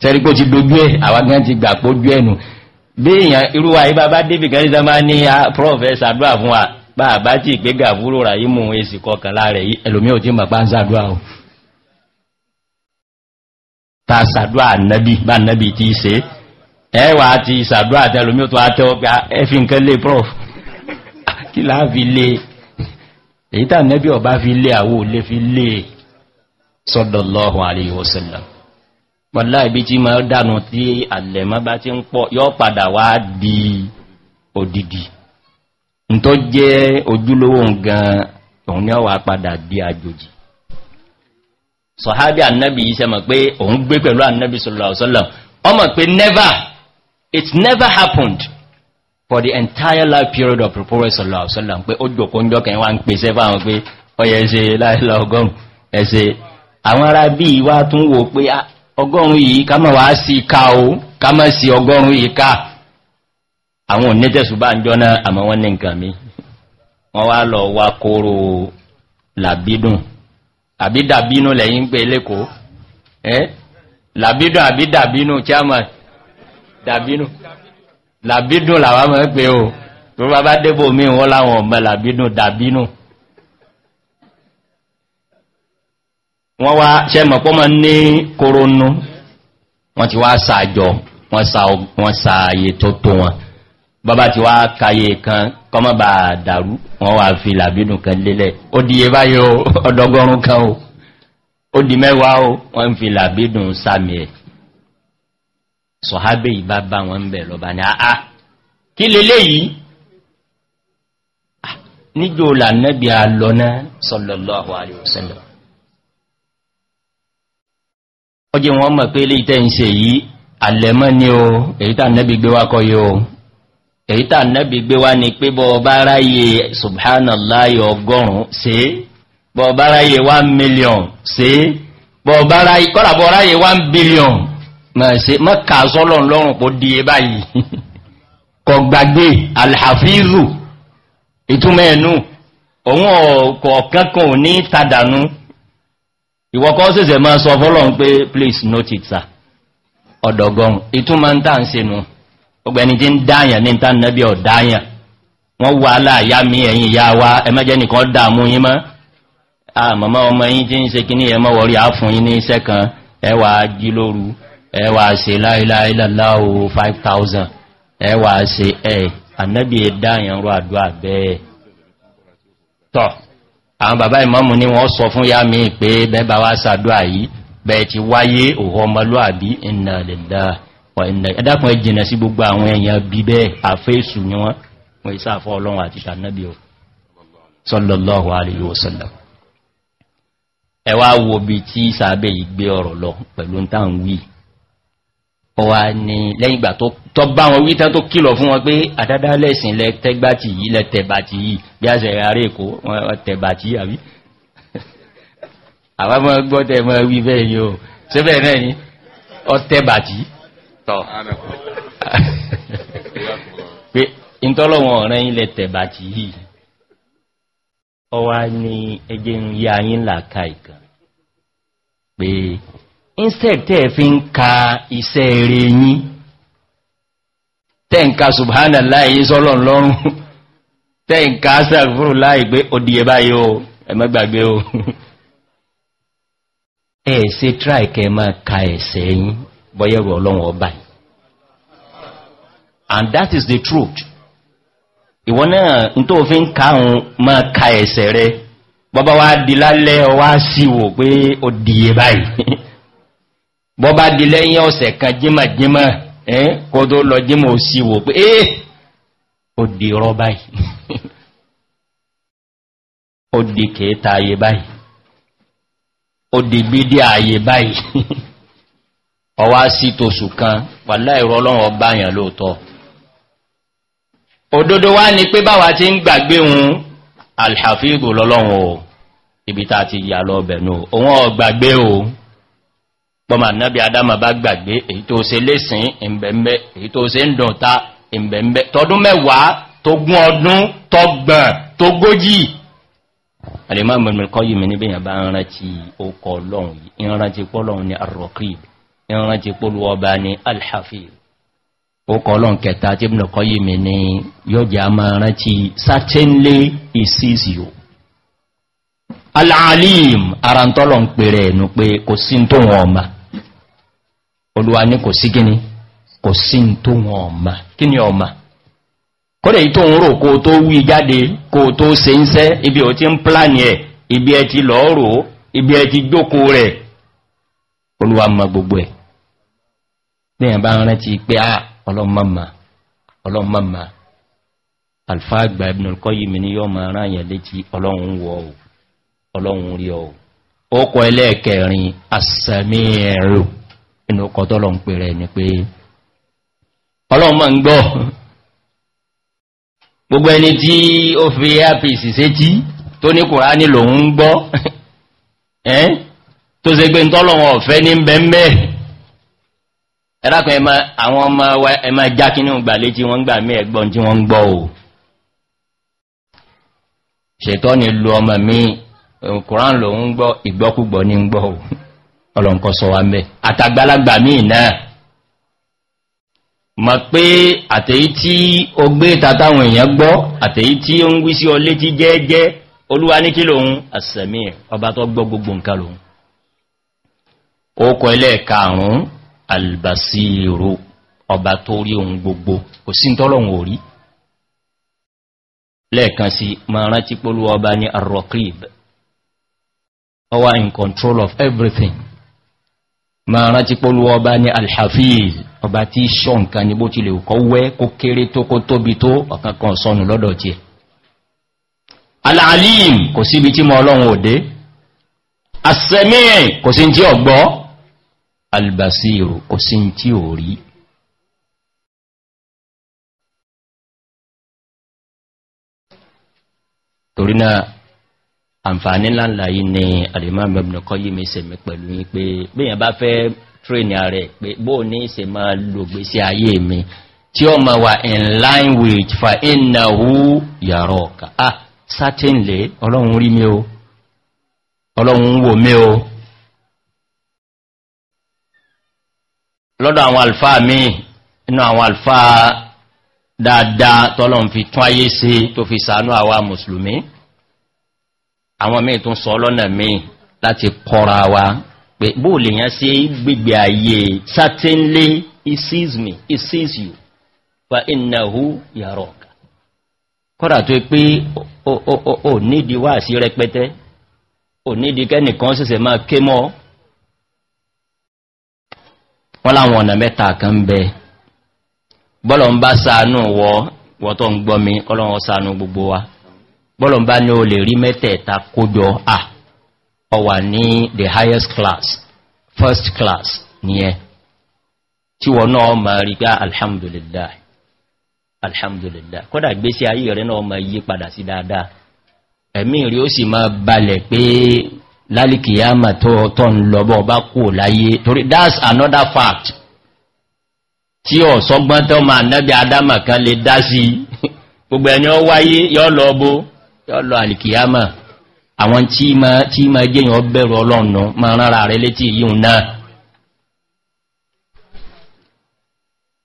tẹ́rí kó ti dojú ẹ̀ àwagán ti gbà pó jú ẹnu bí èyàn irúwà ibá bá débì kan níta máa ní ah, prọ́fẹ́ sàdúà fún wa bá àbá tí ìpé gàfúrò rà mú èsì kọkànlá rẹ̀ ẹlòmí ò tí mọ̀ pa ń sàdúà o ta sàdúà nẹ́bì bá nẹ́bì ti ṣe ẹwà ti sàdúà tẹ́lòmí ò tó àtẹ́ ọgbà ah, ẹfin kẹ́lé prof kí láàfi lè èyí tàà nẹ́bí ọba fi lé àwò lè fi lé sọ́dọ̀lọ́hùn àríwọ̀sẹ̀lẹ̀ pọ̀lá ibi tí ma dánu tí àlẹ̀mọ́ bá ti ń pọ̀ yọ́ padà wá di òdìdì n tó jẹ́ ojúlówó gan òun ni ọwà padà di àjòjì sọ̀hábí pé òun gbé pẹ̀lú for the entire life period of Prophet Sallallahu Alaihi Wasallam pe ojo ko njo kan wa n pe se fa won pe o ye lai la ese. e se awon ara bi wa tun wo pe ogorun yi ka wa si ka o ka si ogorun yi ka awon ne te su ba na ama won ni wa lo wa koro labidun abi dabinu le yin pe leko eh labidun abi dabinu chama dabinu làbídùn làwà mọ́ pé o tó bá bá débò mí wọ́n láwọn ọmọ làbídùn dàbínú wọ́n wá ṣe mọ̀ pọ́ mọ́ ní koronú wọ́n ti wá sàájọ wọ́n sàáyé tó tó wọn bọ́bá ti wá kàyé kan kọmọ́ bà dàrú wọ́n wá fi làbídùn kan lélẹ̀ ó di yẹ báyìí ọdọ́gọ́rùn kan ó di mẹ́wàá o wọ́n fi làbídùn sàmì ẹ̀ sọ̀hábé ìbá bá wọn ń bẹ̀ lọ́bá ní àá ah, ah, kí lélé yìí níjò lànẹ́bí alọ́nà sọ̀lọ̀lọ́ àwọn àríwọ̀sẹ́lọ̀ ọjẹ́ wọn mọ̀ pé ilé ìtẹ́ ń se yìí alẹ́mọ́ ni o èyí nẹ́bí gbé wá kọ́ yìí o èyí nẹ́bí gbé wá ni pé bọ́ ọba ráyè subhanallah ọgọ́rùn-ún sí bọ́ ọba ráyè 1 million sí bọ́ ọba ráyè kọ́lá bọ́ ráyè billion mọ́ka sọ́lọ̀ lọ́rùn pọ̀ di e báyìí kọ gbàgbé alhafizu ìtumẹ̀ ẹnu òun ọ̀kọ̀ọ̀kankan ò ní tàdánú ìwọ̀kọ́ sẹ́sẹ̀ máa sọ fọ́lọ̀ pé please note it sir ọ̀dọ̀gọrùn ìtumọ̀ ń tàà ń se nù ọgbẹ̀ni tí ń dáyàn ní tàà nẹ́bí ọ̀dáyàn wọ́n wà láàyá mi ẹ̀yìn ìyá wa ẹmẹ́jẹ́ nìkan dààmú yí mọ́ ah, àmọ́mọ́ ọmọ yí tí ń se kí ní ẹmọ́ wọ̀rí àfún yí ní iṣẹ́ kan ẹwà jí lóru ẹwà ṣe láìláìláwò 5,000 ẹwà ṣe ẹ̀ ànẹ́bí ẹ̀dá ìyànrò àdúrà bẹ́ẹ̀ tọ́ àwọn bàbá ìmọ́mù ní wọ́n sọ fún ya mi pé bẹ́bà wá sàdúrà yìí bẹ́ẹ̀ ti wáyé òhò ọmọlúàbí ìnà lẹ̀dá ẹ̀dàkùn ẹjìnà sí gbogbo àwọn èèyàn bí bẹ́ẹ̀ àfẹ́sù ni wọ́n wọ́n ìsáfọ́ ọlọ́run àti tànàbí ọ̀ sọ́lọ́lọ́hù àríwọ̀sọ́lọ́ ẹwà wo bí tí sàábẹ̀ yìí gbé ọ̀rọ̀ lọ pẹ̀lú táwọn wíì ọwà ni lẹ́yìn ìgbà tó bá wọn wítán tó kìlọ̀ fún wọn pé àdádá lẹ́sìn lẹ́tẹ́gbà tí yìí lẹ́tẹ̀bà tí yìí bí a sẹ̀rẹ̀ ààrẹ èkó tẹ̀bà àbí àwọn gbọ́tẹ̀ mọ́ wí bẹ́ẹ̀ o síbẹ̀ náà ni ọ tẹ́bà tí tọ́ pé ìntọ́lọ̀wọ̀n ọ̀rẹ́ ilẹ̀ tẹ̀bà instead tẹ́ fi ń ka iṣẹ́ rẹ̀ yín tẹ́ǹka ṣùgbọ́n láì sọ́lọ̀ lọ́rùn ka sàfúrù láì pé òdíyẹ báyìí o ẹmọ́gbàgbé o ẹ̀ sí tráìkẹ máa ka ẹ̀ṣẹ̀ yín bọ́yẹ̀rọ ọlọ́run ọba and that is the truth ìwọ náà n tó fi ń káhùn máa ka ẹ̀ṣẹ̀ rẹ bọ́bá wá di lálẹ́ ọwá síwò pé òdíyẹ báyìí bọ́ bá di lẹ́yìn ọ̀sẹ̀ kan jímọ̀jímọ̀ ẹ́n kó tó lọ jímọ̀ ò sí wò pé é ó di rọ báyìí ó di kẹta ayé báyìí ó di bídí ayé báyìí ọwá sí tosù kan pàlá ìrọ ọlọ́run báyàn lóòtọ́ òdodo wá ni pé báwa ti ń gbàgbé hun alhafibu lọ́lọ́run o ibi ta ti yà lọ bẹ̀nu òun ọ̀gbàgbé o bọ́mà náàbí adama bá gbàgbé èyí tó se lẹ́sìn ìbẹ̀m̀bẹ̀ èyí tó se ń dùn ta ìbẹ̀m̀bẹ̀ tọdún mẹ́wàá tó gún ọdún tọgbọ̀n tó gójì alìmọ́ mẹ́mẹ́kọ́ yìí mi níbẹ̀yàn bá ń rántí okọ̀ ọlọ́run yìí ń rántí pọ́lọ́run ní arọ́kìb ń rántí pọ́lọ́ọba ní alhafiz okọ̀ ọlọ́run kẹta tí mẹ́kọ́ yìí mi ní yọjà máa rántí certainly is you alalim ara ń tọ́lọ̀ ń kò sí tó wọn olúwa ní kò sí gíní kò sí tó wọn ọ̀mà kí ni ọ̀mà kódẹ̀ yí tó ń rò kó tó wí jáde kó tó se ń sẹ́ ibi ò ti ń pláni ẹ̀ ibi ẹ ti lọ rò ibi ẹ ti jókó rẹ̀ olúwa mọ gbogbo ẹ̀ lẹ́yìn bá rántí pé á ah, ọlọ́mọ́mà ọlọ́mọ́mà alfa àgbà ibn al-qayyim ni yọ́ ma rán àyàn létí ọlọ́run wọ ọlọ́run rí ọ ó kọ ẹlẹ́ẹ̀kẹrin asàmì ẹ̀rù inú ọkọ̀ tọ́lọ ń pè rẹ̀ ni pé ọlọ́run ma ń gbọ́ gbogbo ẹni tí ó fi apc sétí tó ní kùrá ní lòun ń gbọ́ ẹ́n tó se gbé tọ́lọ̀wọ̀n ọ̀fẹ́ ní bẹ́ẹ̀mẹ́ ẹ̀rákùn àwọn ọmọ ẹmọ jákínú gbàlé tí wọ́n gbà mẹ́ ẹgbọ́n tí wọ́n gbọ́ ò ṣètọ́ ni lu ọmọ mi kùrán lòun gbọ́ ìgbọ́kúgbọ́ ní gbọ́ ò ọlọ́nkọ́ sọ wa mẹ́ àtàgbàlagbà míì náà mọ̀ pé àtẹ̀yí tí ó gbé tàtàwọn èèyàn gbọ́ àtẹ̀yí tí ó ń wí sí ọlé tí jẹ́ẹ́jẹ́ olúwa ní kí lòun àsẹ̀mí ọba tó gbọ́ gbogbo nǹkan lòun ó kọ ilẹ̀ karùn-ún albasiru ọba tó rí ohun gbogbo kò sí tọ́lọ̀hun ò rí lẹ́ẹ̀kan sí ma rántí pólú ọba ní arrokrib ọwá in control of everything ma rántí pólú ọba ní alhafiz ọba tí ṣọ́ nǹkan ní bó ti lè kọ́ wẹ́ kó kéré tó kó tóbi tó ọ̀kankan sọnù lọ́dọ̀ tí ẹ̀ alalim kò síbi tí mọ ọlọ́run òde asẹ́mí kò sí tí ọgbọ́ albasiru kò sí tí ò rí torí náà àǹfààní ńláńlá yìí ni alimami ibn qayyim ṣe mi pẹ̀lú yín pé bẹ́yàn bá fẹ́ tírénì ààrẹ pé bóò ní ṣe máa lògbé sí ayé mi tí ó ma wà in line with fa innahu yaraka ah certainly ọlọ́run rí mi o ọlọ́run wò mí o lọ́dọ̀ àwọn alfáà mi inú àwọn alfáà dáadáa tọ́lọ́run fi tún ayé ṣe tó fi ṣàánú àwa mùsùlùmí àwọn míì tún sọ lọ́nà míì láti kọra wa pé bó lè yán sí gbígbé ayé certainly he sees me he sees you fa innahu yaraka kọ́dà tó pé ó nídìí wá sí rẹpẹtẹ ó nídìí kẹ́nìkan ṣẹ̀ṣẹ̀ máa ké mọ́ wọ́n láwọn ọ̀nà mẹ́ta kan ń bẹ bọ́lọ̀ ń bá ṣàánú wọ́ wọ́n tó ń gbọ́ mi kọ́lọ́wọ́ ṣàánú gbogbo wa bọ́lọ̀mbá ní o lè rí mẹ́tẹ̀ẹ̀ta kójọ à ọwà ní the highest class first class ní ẹ tí wọ́n náà ma rí gá ah, alhamdulillah alhamdulillah kọ́dà gbésí ayé rẹ̀ náà ma yí padà sí dáadáa ẹ̀mí rí ó sì ma balẹ̀ pé lálìkìyàmà tó ń lọ́bọ̀ bá kú láyé torí that's another fact tí ọ̀sọ́gbọ́n tó ma nẹ́bí adámà kan lè dá sí gbogbo ẹni wáyé yọ́ lọ́bọ̀ yọ́lọ alìkìyàmà àwọn tí ma tí ma jẹ́yàn ọbẹ̀rù ọlọ́nà ma rárá rẹ létí yíò náà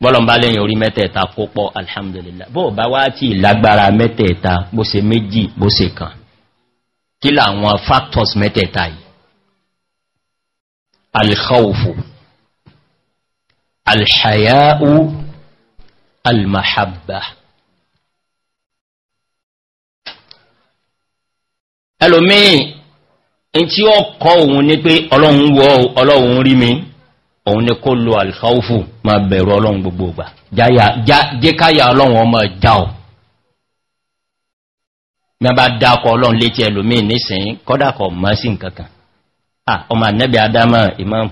bọ́lọ̀ bá lẹ́yìn orí mẹ́tẹ̀ẹ̀ta kópọ̀ alhamdulillah bọ́ bá wá tí lágbára mẹ́tẹ̀ẹ̀ta bó se méjì bó se kàn kí làwọn factors mẹ́tẹ̀ẹ̀ta yìí alkhawfu alhaya'u almahabba ẹlòmíì in tí ó kọ òun ní pé ọlọ́run wọ́ ọlọ́run rí mi òun ni kó lo alkhaufu ma bẹ̀rù ọlọ́run gbogbo ìgbà jẹ́káyà ọlọ́run ọmọ já ọ mẹ́ bá dákọ ọlọ́run létí ẹlòmíì nísìn kọ́dàkọ̀ mọ́ sí nkankan ọmọ anẹ́bí adámọ̀ imam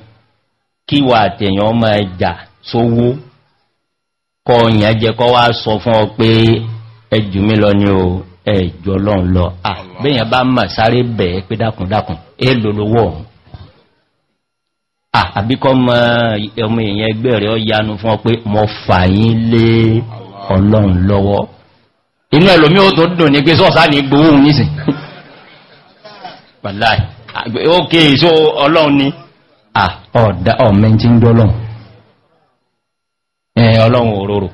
kíwà àtẹ̀yàn ọmọ ẹjà sówó kọ́ ọ̀yàn jẹ́ kọ́ wá sọ fún ọ pé ẹjù mi lọ ni o ẹjọ́ lọ́n lọ àbẹ́yàn bá mọ̀ sáré bẹ̀ẹ́ pé dákùndákùn é lólówó ọ̀hún àbíkọ́ mọ́ ọmọ èèyàn ẹgbẹ́ rẹ̀ ọ yanu fún ọ pé mọ́ fàyín lé ọlọ́run lọ́wọ́ inú ẹlòmí ó tó dùn ní pé sọ́ọ̀sá ní gbowó nísìn pàláì ókè ìṣó ọlọ́run ni ọ̀dá ọ̀mẹ́ tí ń dọ́lọ́run ọlọ́run òróró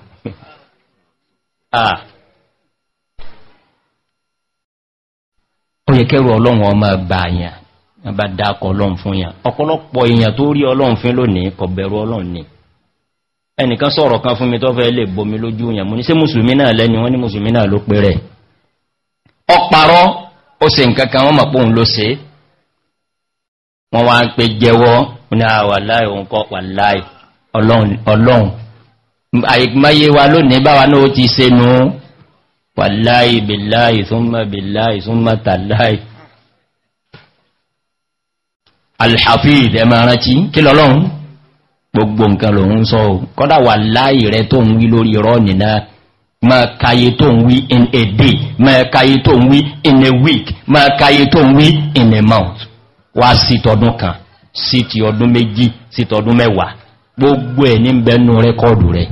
yẹ kẹrù ọlọ́run ọmọ ọba àyàn wọ́n bá dákọ̀ ọlọ́run fún yàn ọ̀pọ̀lọpọ̀ èèyàn tó rí ọlọ́run fún lónìí kò ọlọ́run ni ẹnìkan sọ̀rọ̀ kan fún mi tó fẹ́ lè bomi lójú yàn mo ní sí mùsùlùmí náà lẹ́ni wọ́n ní mùsùlùmí náà ló pé rẹ̀ ọparọ́ ó se nǹkan kan wọ́n mọ̀ pé òun ló se wọ́n wá ń pe jẹ́wọ́ ní àwà láì òun kọ́ wà láì ọlọ́run àyíkmáyé wa lónìí báwa náà ó ti se nù wàláyì bèláyì súnmọ̀ bèláyì súnmọ̀ tàláyì alhafid ẹmà rántí kí lọ́lọ́run gbogbo nǹkan lòun sọ kọ́dá wàláyì rẹ tó ń wí lórí rọ́ọ̀nì náà ma kaye tó ń wí in a day ma kaye tó ń wí in a week ma kaye tó ń wí in a month wá sí tọdún kan sí ti ọdún méjì sí tọdún mẹ́wàá gbogbo ẹ̀ ní bẹnu rẹ́kọ́ọ̀dù rẹ̀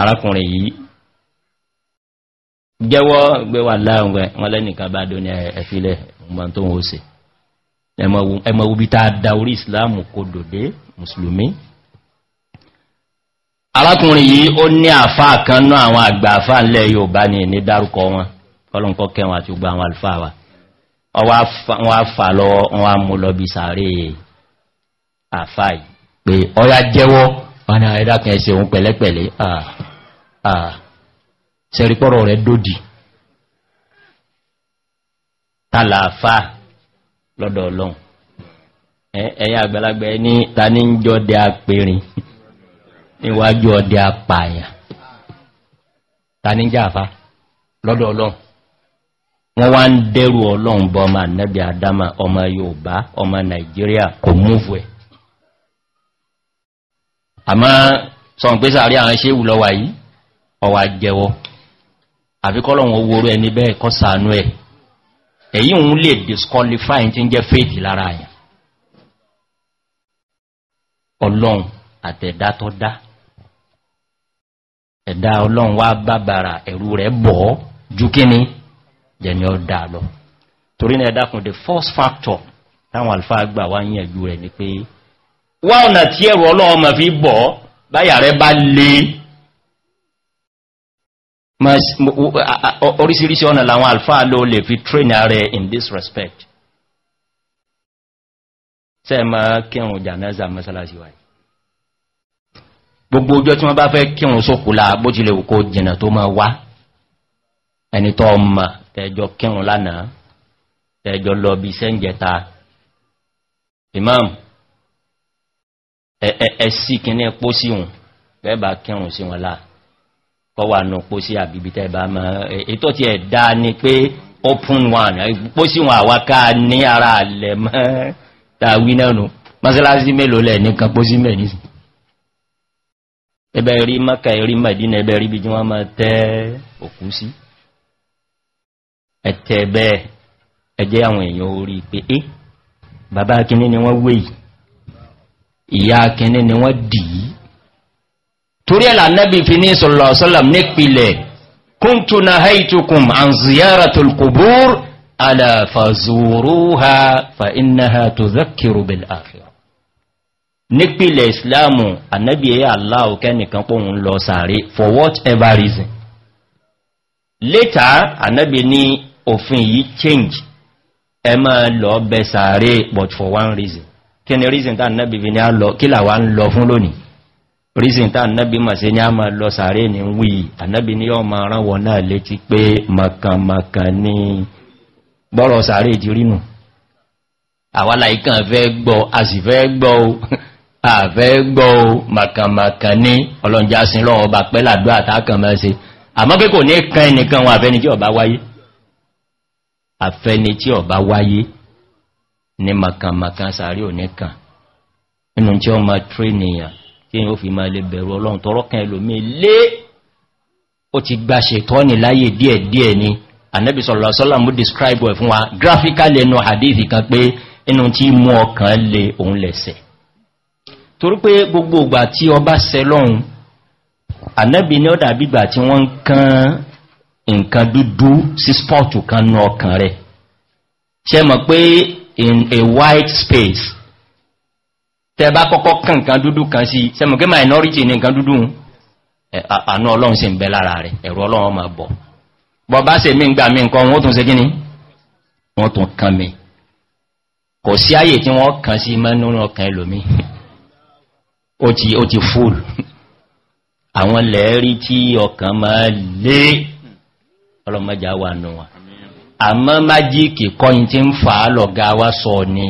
arákùnrin yìí jẹ́wọ́ gbé wà láàrin wọn lẹ́nìkan bá dóní ẹ̀fílẹ̀ ọmọ tó wọ́n ṣe ẹmọ ubi tá da orí ìsìláàmù kò dòdé mùsùlùmí arákùnrin yìí ó ní àfá kan náà àwọn àgbà àfá ńlẹ̀ yóò bá ní ní dárúkọ wọn kọlùnkọ́ kẹwọn àti gbogbo àwọn àlùfáà wa wọ́n á fà lọ wọ́n á mú lọ bí sàárè àfá yìí pé ọya jẹ́wọ́ wọn ni àìdákan ẹsẹ̀ òun pẹ̀lẹ́pẹ̀lẹ́ ah sẹ̀rípọ̀rọ̀ rẹ̀ dódì tàlàáfà lọ́dọ̀ ọlọ́run ẹ̀yà àgbàlagbà ní ta ní ń jọ dẹ apẹrin níwájú ọdẹ apààyàn ta ní jàfà lọ́dọ̀ ọlọ́run wọ́n wá ń dẹ́rù ọlọ́run bọ́ ọmọ ànẹ́bí adama ọmọ yorùbá ọmọ nàìjíríà kò múfù ẹ̀ àmọ́ sọ̀n pé sàárẹ́ àwọn ṣéwù lọ́wà yìí ọwà jẹwọ́ àfikọ́lọ̀wọ̀n owó orú ẹni bẹ́ẹ̀ kọ́ sàánú ẹ̀ èyí òun lè disqualify tí ń jẹ́ faith lára àyà ọlọ́run àtẹ̀dá tó dá ẹ̀dá ọlọ́run wá bàbàrà ẹ̀rù rẹ̀ bọ̀ ju kíni jẹni ọ̀dà lọ torí ní ẹ̀dákun the first factor táwọn alfa gbà wá yín ẹ̀jú rẹ̀ ni pé wá ọ̀nà tí ẹ̀rù ọlọ́run ma fi bọ̀ báyà rẹ̀ bá lè orísìírísìí ọ̀nà làwọn alfa ló lè fi train ààrẹ in this respect tẹ́ ma kírùn jànáza masalasi wáyé gbogbo ọjọ́ tí wọ́n bá fẹ́ kírùn sókùlá bó jílẹ̀ òkó jìnà tó ma wá ẹni tọ́ ọmọ tẹ́jọ kírùn lánàá tẹ́jọ lọ bí sẹ́ǹjẹta imam ẹ̀ẹ̀ẹ̀ sí kìíní pọ́ síhùn bẹ́ẹ̀ bá kírùn sí wọn láà kọ́ wà nù pó sí àbíbí tẹ́bà mọ́ e, ètò tí ẹ̀ dá ní pé open one pó sí wọn àwáká ní ara alẹ̀ mọ́ tàwí náà nù mọ́sálásí mélòó lẹ̀ nìkan pó sí mẹ́ nísìn ẹbẹ̀ rí mọ́kà rí mẹ́dínà ni wọ́n wéyìí ìyá akíní ni wọ́n dìí torí ẹ̀là nẹ́bí fi ní sọ̀lọ̀sọ́lọ̀m nípìlẹ̀ kúntùnà haitukum an ziyaratul kubur ala fazuruha fa innaha tudhakkiru bil akhirah nípìlẹ̀ islamu anẹ́bí ẹ̀yà aláwọ̀ kẹ́nìkan pọ̀hún lọ sàárè for whatever reason later anẹ́bí ní òfin yìí change ẹ máa lọ bẹ sàárè but for one reason kí ni reason tá anẹ́bí fi ní a lọ kí làwa lọ fún lónìí prison ta annabi ma se nya ma lọ sàárè ní wí annabi ni yọ ma rán wọn náà létí pé makamakan ní bọ́rọ̀ sàárè ti rínú àwálà ikán fẹ́ gbọ́ a sì fẹ́ gbọ́ o a fẹ́ gbọ́ o makamakan ní ọlọ́njá sí lọ́wọ́ bá pẹ́ làdó àtàkàn mẹ́ se àmọ́ pé kò ní kan ẹnìkan wọn àfẹ́ni tí ọba wáyé nínú tí ọ ma trénìyàn tí yíò fi máa lè bẹ̀rù ọlọ́run tọrọ ẹlòmí lé ó ti gba ṣètọ́nì láyé díẹ̀díẹ̀ ni anẹ́bí sọ̀rọ̀lọ́sọ́lá mú describe ẹ̀ fún wa graphically ẹnu hadithi kan pé inú tí mú ọkàn lè òun lẹ̀sẹ̀ torí pé gbogbo ìgbà tí ọba sẹ lọ́run anẹ́bí ní ọ̀dà gbígbà tí wọ́n kan nǹkan dúdú sí spọ́ọ̀tù kan nú ọkàn rẹ̀ ṣe mọ̀ pé in a white space tẹ bá kọ́kọ́ kàn kan dúdú kan sí sẹ́mùkẹ́ minority ní nǹkan dúdú àánú ọlọ́run sí ń bẹ lára rẹ̀ ẹ̀rọ ọlọ́run ma bọ̀ bọ́ bá se mí gbà mí nǹkan wọ́n tún se gíní wọ́n tún kan mi kò sí ayè tí wọ́n kàn sí mẹ́nu ọkàn ẹlòmí ó ti ó ti fúl àwọn lẹ́ẹ̀rí tí ọkàn ma lé ọlọ́mọjà wà nù wọn àmọ́ májíkì kọ́yìn tí ń fà á lọ̀gá wá sọ ní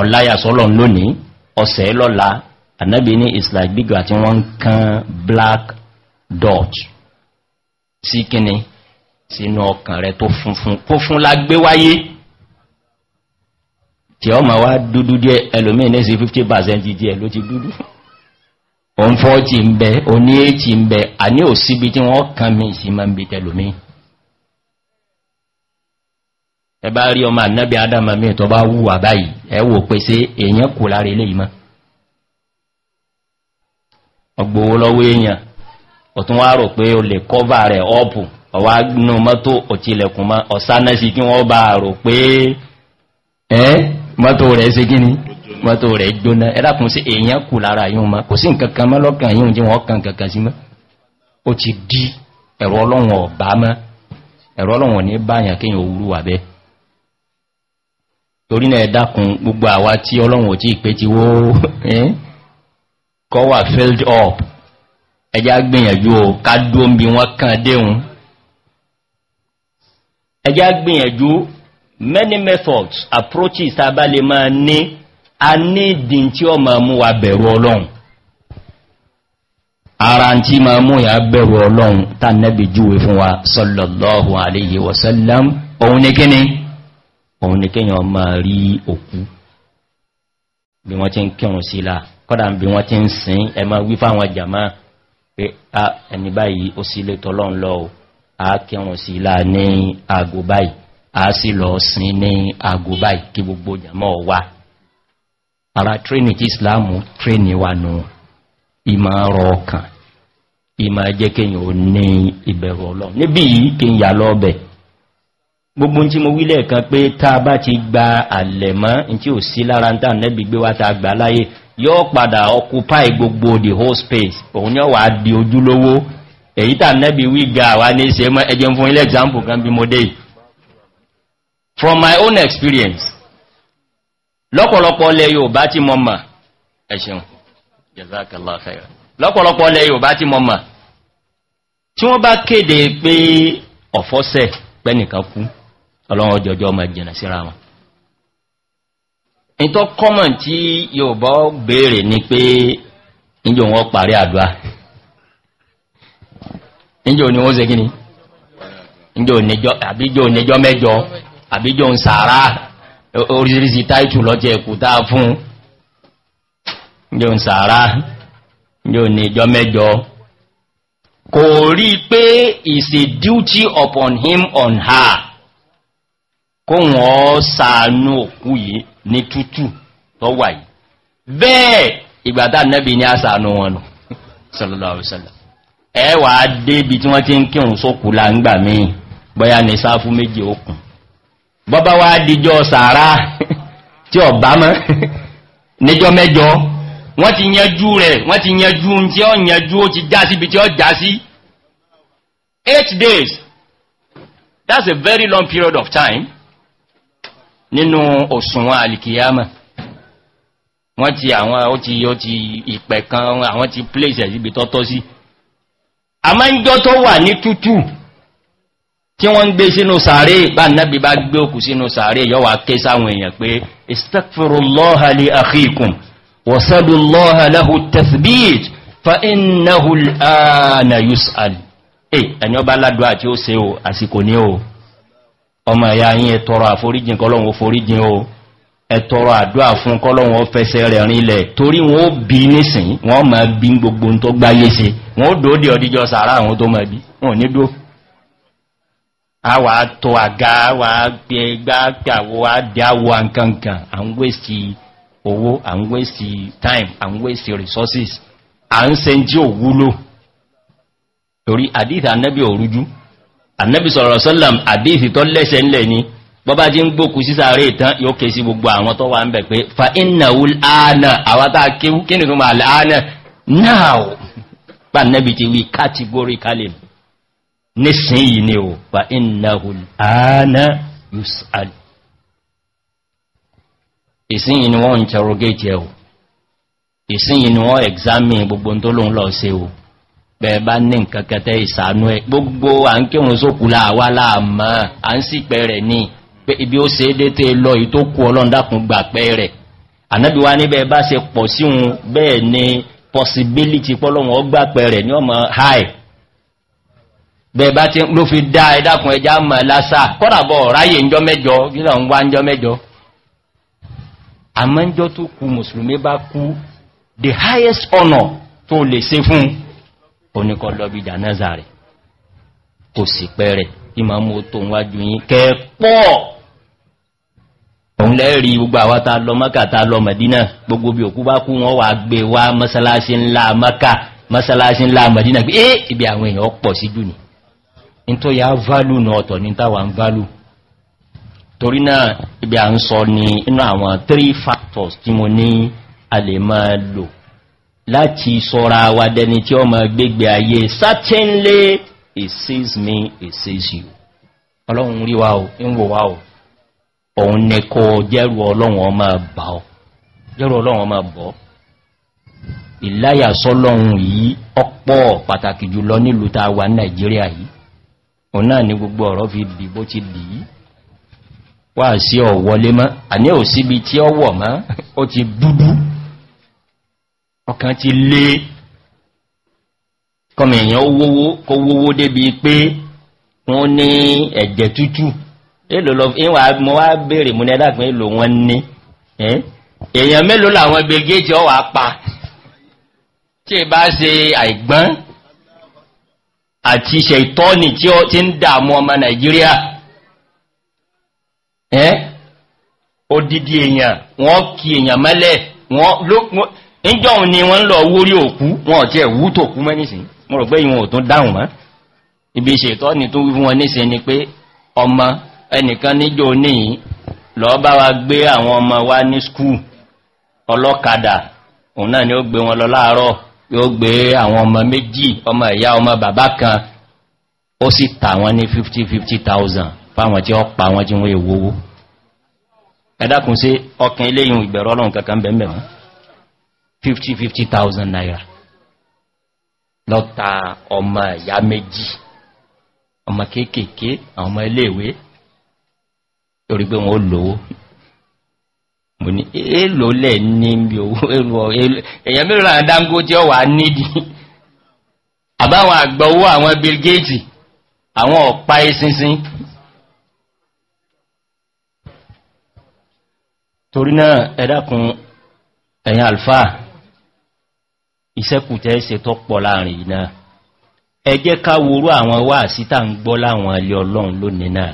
ọ̀láyà lónìí ọ̀sẹ̀ lọ́la ànábì ní is like big àti wọ́n ń kan black dot sí kíni sínú ọkàn rẹ tó funfun kó fún la gbé wáyé tí ọmọ wá dúdú díẹ̀ ẹlòmíì ní sí 50% díẹ̀ ló ti dúdú òun 40 ń bẹ oní 80 ń bẹ àní òsíbi tí wọ́n kan mi sí ń bi tẹlòmíì ẹbá rí ọmọ ànábí adama mí tó bá wúwà báyìí ẹwò pèsè èyàn kò lára ilé ìmọ̀ ọgbòwó lọ́wọ́ èyàn ọ̀tún wá rò pé o lè kọ́và rẹ̀ ọ́pù ọwá nù mọ́tò òtílẹ̀kùn mọ́ ọ̀sánà sí kí wọ́n bá rò pé ẹ́ mọ́tò rẹ̀ sí kí ni mọ́tò rẹ̀ gbóná ẹlákùn sí èyàn kù lára mọ́ kò sí nǹkan kan mọ́ lọ́kàn jí wọ́n kan torí náà ẹ̀dàkùn gbogbo àwá tí ọlọ́run òtí ìpé ti wó kọ́ wà filled up ẹjá gbìyànjú o ká dúó ń bí wọ́n kàn déhun ẹjá gbìyànjú many methods approaches tàbá lè máa ní a ní ìdí tí ó máa mú wa bẹ̀rù ọlọ́run ara tí máa mú ya bẹ̀rù ọlọ́run tàbí júwe fún wa sallallahu alayhi wasallam òun ni kíni òun ni kíyàn ọmọ rí òkú bí wọ́n ti ń kírùn sí láà kọ́dà bí wọ́n ti ń sin ẹmọ wí fáwọn jàmá pé a ẹni báyìí ó sí ilé tọ́lọ́n lọ a kírùn sí láà ní aago báyìí a sì lọ sin ní aago báyìí kí gbogbo jàmá wà ara tréní tí islamu tréní wà nù ìmọ̀ ọ̀rọ̀ ọkàn ìmọ̀ ẹjẹ́ kíyàn ó ní ìbẹ̀rù ọlọ́ níbi yìí kí n yà lọ́ọ̀bẹ̀ẹ́ gbogbo tí mo wílẹ̀ kan pé tá bá ti gba àlẹ̀mọ́ tí ò sí lára tá nẹ́bí gbé wá ta gbà láyé yóò padà occupy gbogbo the whole space òun yóò wà di ojúlówó èyí tà nẹ́bí wí ga wá ní ṣe mọ́ ẹjẹ́ fún ilé example kan bí mo dé from my own experience lọ́pọ̀lọpọ̀ lẹ yóò bá ti mọ́ mọ̀ ẹ̀ṣẹ̀un jazakallah khair lọ́pọ̀lọpọ̀ lẹ yóò bá ti mọ́ mọ̀ tí wọ́n bá kéde pé ọ̀fọ́sẹ̀ pẹ́nìkan kú ọlọ́run ọjọ́jọ́ ọmọ ìjìnà síra wọn ìtọ́ kọ́mọ̀ tí yóò bọ́ bèèrè ní pé níjò wọ́n parí àdúrà níjò ni wọ́n se gíní àbíjò níjọ́ mẹ́jọ àbíjò ń sàárá orísìírísìí táìtù lọ́jẹ́ ẹ̀kútà fún níjò ń sàárá níjò níjọ́ mẹ́jọ kò rí pé is a duty upon him on her kóhùn ọ́ sàánú òkú yìí ní tútù tó wà yìí bẹ́ẹ̀ ìgbàdá nẹ́bì ní àsàánú wọn nù sallallahu alaihi wasallam ẹwà débi tí wọ́n ti ń kírun sókù láńgbà míì bọ́yá ní sáfú méjì okùn bọ́bá wá díjọ́ sàárá tí ọ̀bá mọ́ níjọ́ mẹ́jọ wọ́n ti yanjú rẹ̀ wọ́n ti yanjú tí ó yanjú ó ti já síbi tí ó já sí eight days that's a very long period of time nínú òsùnwọ̀n alìkìyàmà wọ́n ti àwọn ó ti yọ ti ìpẹ̀ kan àwọn ti place ẹ̀síbi tọ́tọ́ sí a máa ń jọ tó wà ní tútù tí wọ́n ń gbé sínú sàárè bá nábi bá gbé òkú sínú sàárè yọ́wà ké sáwọn èèyàn pé istakfirullah li akhikum wasadullah ọmọ ẹ̀yà yí ẹ̀tọrọ àforíjìn kọlọ́wọ́ foríjìn o ẹ̀tọrọ àdúà fún kọlọ́wọ́ fẹsẹ̀ rẹ̀ rinlẹ̀ torí wọ́n bí nísìn wọ́n ma bí gbogbo tó gbáyé se wọ́n dóòdì ọdíjọ sàárà àwọn tó ma bí wọ́n ní dó a wà tó àga wà gbé gbáàgbà wà dé àwọ nkankan à ń wéṣì owó à ń wéṣì time à ń wéṣì resources à ń se jí òwúlò torí àdíta nẹ́bí òrújú annabi sọ̀rọ̀ sọ́làm àdífì tó lẹ́sẹ̀ ńlẹ̀ ni bọ́bá jí ń gbókù sísàárè ìtàn yóò ké sí gbogbo àwọn tó wà ń bẹ̀ pé fa innahu al-ana àwátá kéwú kí nìkan máa al-ana now bá annabi ti wí categorically nísìnyí ni o fa innahu ana yus'al ìsìnyí ni wọ́n interrogate ẹ̀ o ìsìnyí ni wọ́n examine gbogbo tó lóun lọ ṣe o bẹ̀ẹ̀bá ní nǹkan kẹtẹ́ ìsànú ẹ̀ gbogbo à ń kírun sókùlá àwá láàmà à ń sì pẹ̀rẹ̀ ní pé ibi ó se dédé lọ ìtó kú ọlọ́ndàkùn gbà pẹ̀rẹ̀ ànábíwá níbẹ̀ bá se pọ̀ síhun bẹ́ẹ̀ ni possibility pọ́lọ́wọ́n ó gbà pẹ̀rẹ̀ ní ọmọ high bẹ̀ẹ̀bá tí ló fi dá ẹ̀dàkùn ẹja mọ̀ lásà kọ́dàbọ̀ ráyè ńjọ́ mẹ́jọ gílọ̀ ń wá ku the highest honor tó lè se oníkọ́ lọ́bí jànáza rẹ̀ kò sì pẹ́rẹ̀ kí máa mú tó wájú yín kẹ́ẹ̀pọ̀ òun lẹ́rí gbogbo àwátá lọ mọ́kà tá lọ mẹ̀dínà gbogbo bí òkú bá kú wọ́n wà gbé e wá mọ́sálásí ńlá mọ́kà mọ́sálásí ńlá mẹ̀dínà gbé ibi àwọn èèyàn pọ̀ sí torí náà ibi à ń sọ ní inú àwọn three factors tí mo ní a lò láti sọ́ra wa dẹni tí ó ma gbégbé ayé certainly it sees me it sees you ọlọ́run rí wa o ń wò wa o òun ní kó jẹ́rù ọlọ́run ọmọ bà ọ jẹ́rù ọlọ́run ọmọ bọ̀ ìláyàsọ́lọ́run yìí ọ̀pọ̀ pàtàkì jùlọ nílùú ta wà nàìjíríà yìí òun náà ní gbogbo ọ̀rọ̀ fi dì bó ti dì í wá sí ọ̀wọ́lé mọ́ àní òsíbi tí ọ wọ̀ mọ́ ó ti dúdú ọkàn ti lé kọmọ èèyàn owówó kó wówó débi pé wọ́n ní ẹ̀jẹ̀ tútù mo wá bèèrè mú nẹ́dàgbẹ́ èlò wọn ní èèyàn mélòó làwọn gbẹ̀gẹ́jì ọwà pa tí è bá ṣe àìgbọ́n àti ṣe ìtọ́ni tí ó ti ń dààmú ọmọ nàìjíríà ẹ́ odidi èèyàn wọ́n kí èèyàn mẹ́lẹ̀ wọ́n níjọ́ òun ni wọ́n ń lọ wórí òkú wọn ọ̀tí ẹ̀wú tó kú mọ́ rò pé ìwọ̀n ò dáhùn mọ́ ibi ìṣètọ́ ni tó wí fún wọn nísìn ni pé ọmọ ẹnìkan níjọ́ níyìn lọ bá wa gbé àwọn ọmọ wa ní skúù ọlọ́kadà òun náà ni ó gbé wọn lọ láàárọ̀ yóò gbé àwọn ọmọ méjì ọmọ ìyá ọmọ bàbá kan ó sì tà wọn ní 50 50,000 fáwọn tí ó pa wọn tí wọ́n èwówó ẹ̀dàkùn sí ọkàn iléyìn ìgbẹ̀rọ ọlọ́run kankan bẹ̀mẹ̀ wọn fifty fifty thousand naira lọ́ta ọmọ ìyá méjì ọmọ kéèkèé àwọn ọmọ iléèwé torí pé wọ́n lòó mo ní èèlò lẹ̀ ní bí owó èrò èyàn mẹ́rin àwọn dángó tí ó wà nídi àbáwọn àgbà owó àwọn bill gates àwọn ọ̀pá ẹsinsin torí náà ẹ̀dàkùn ẹ̀yìn alfáà ìṣẹ́kùtẹ́ ṣe tọ́ pọ̀ láàrin iná ẹjẹ́ ká worú àwọn wá síta ń gbọ́ láwọn ilé ọlọ́run lónìí náà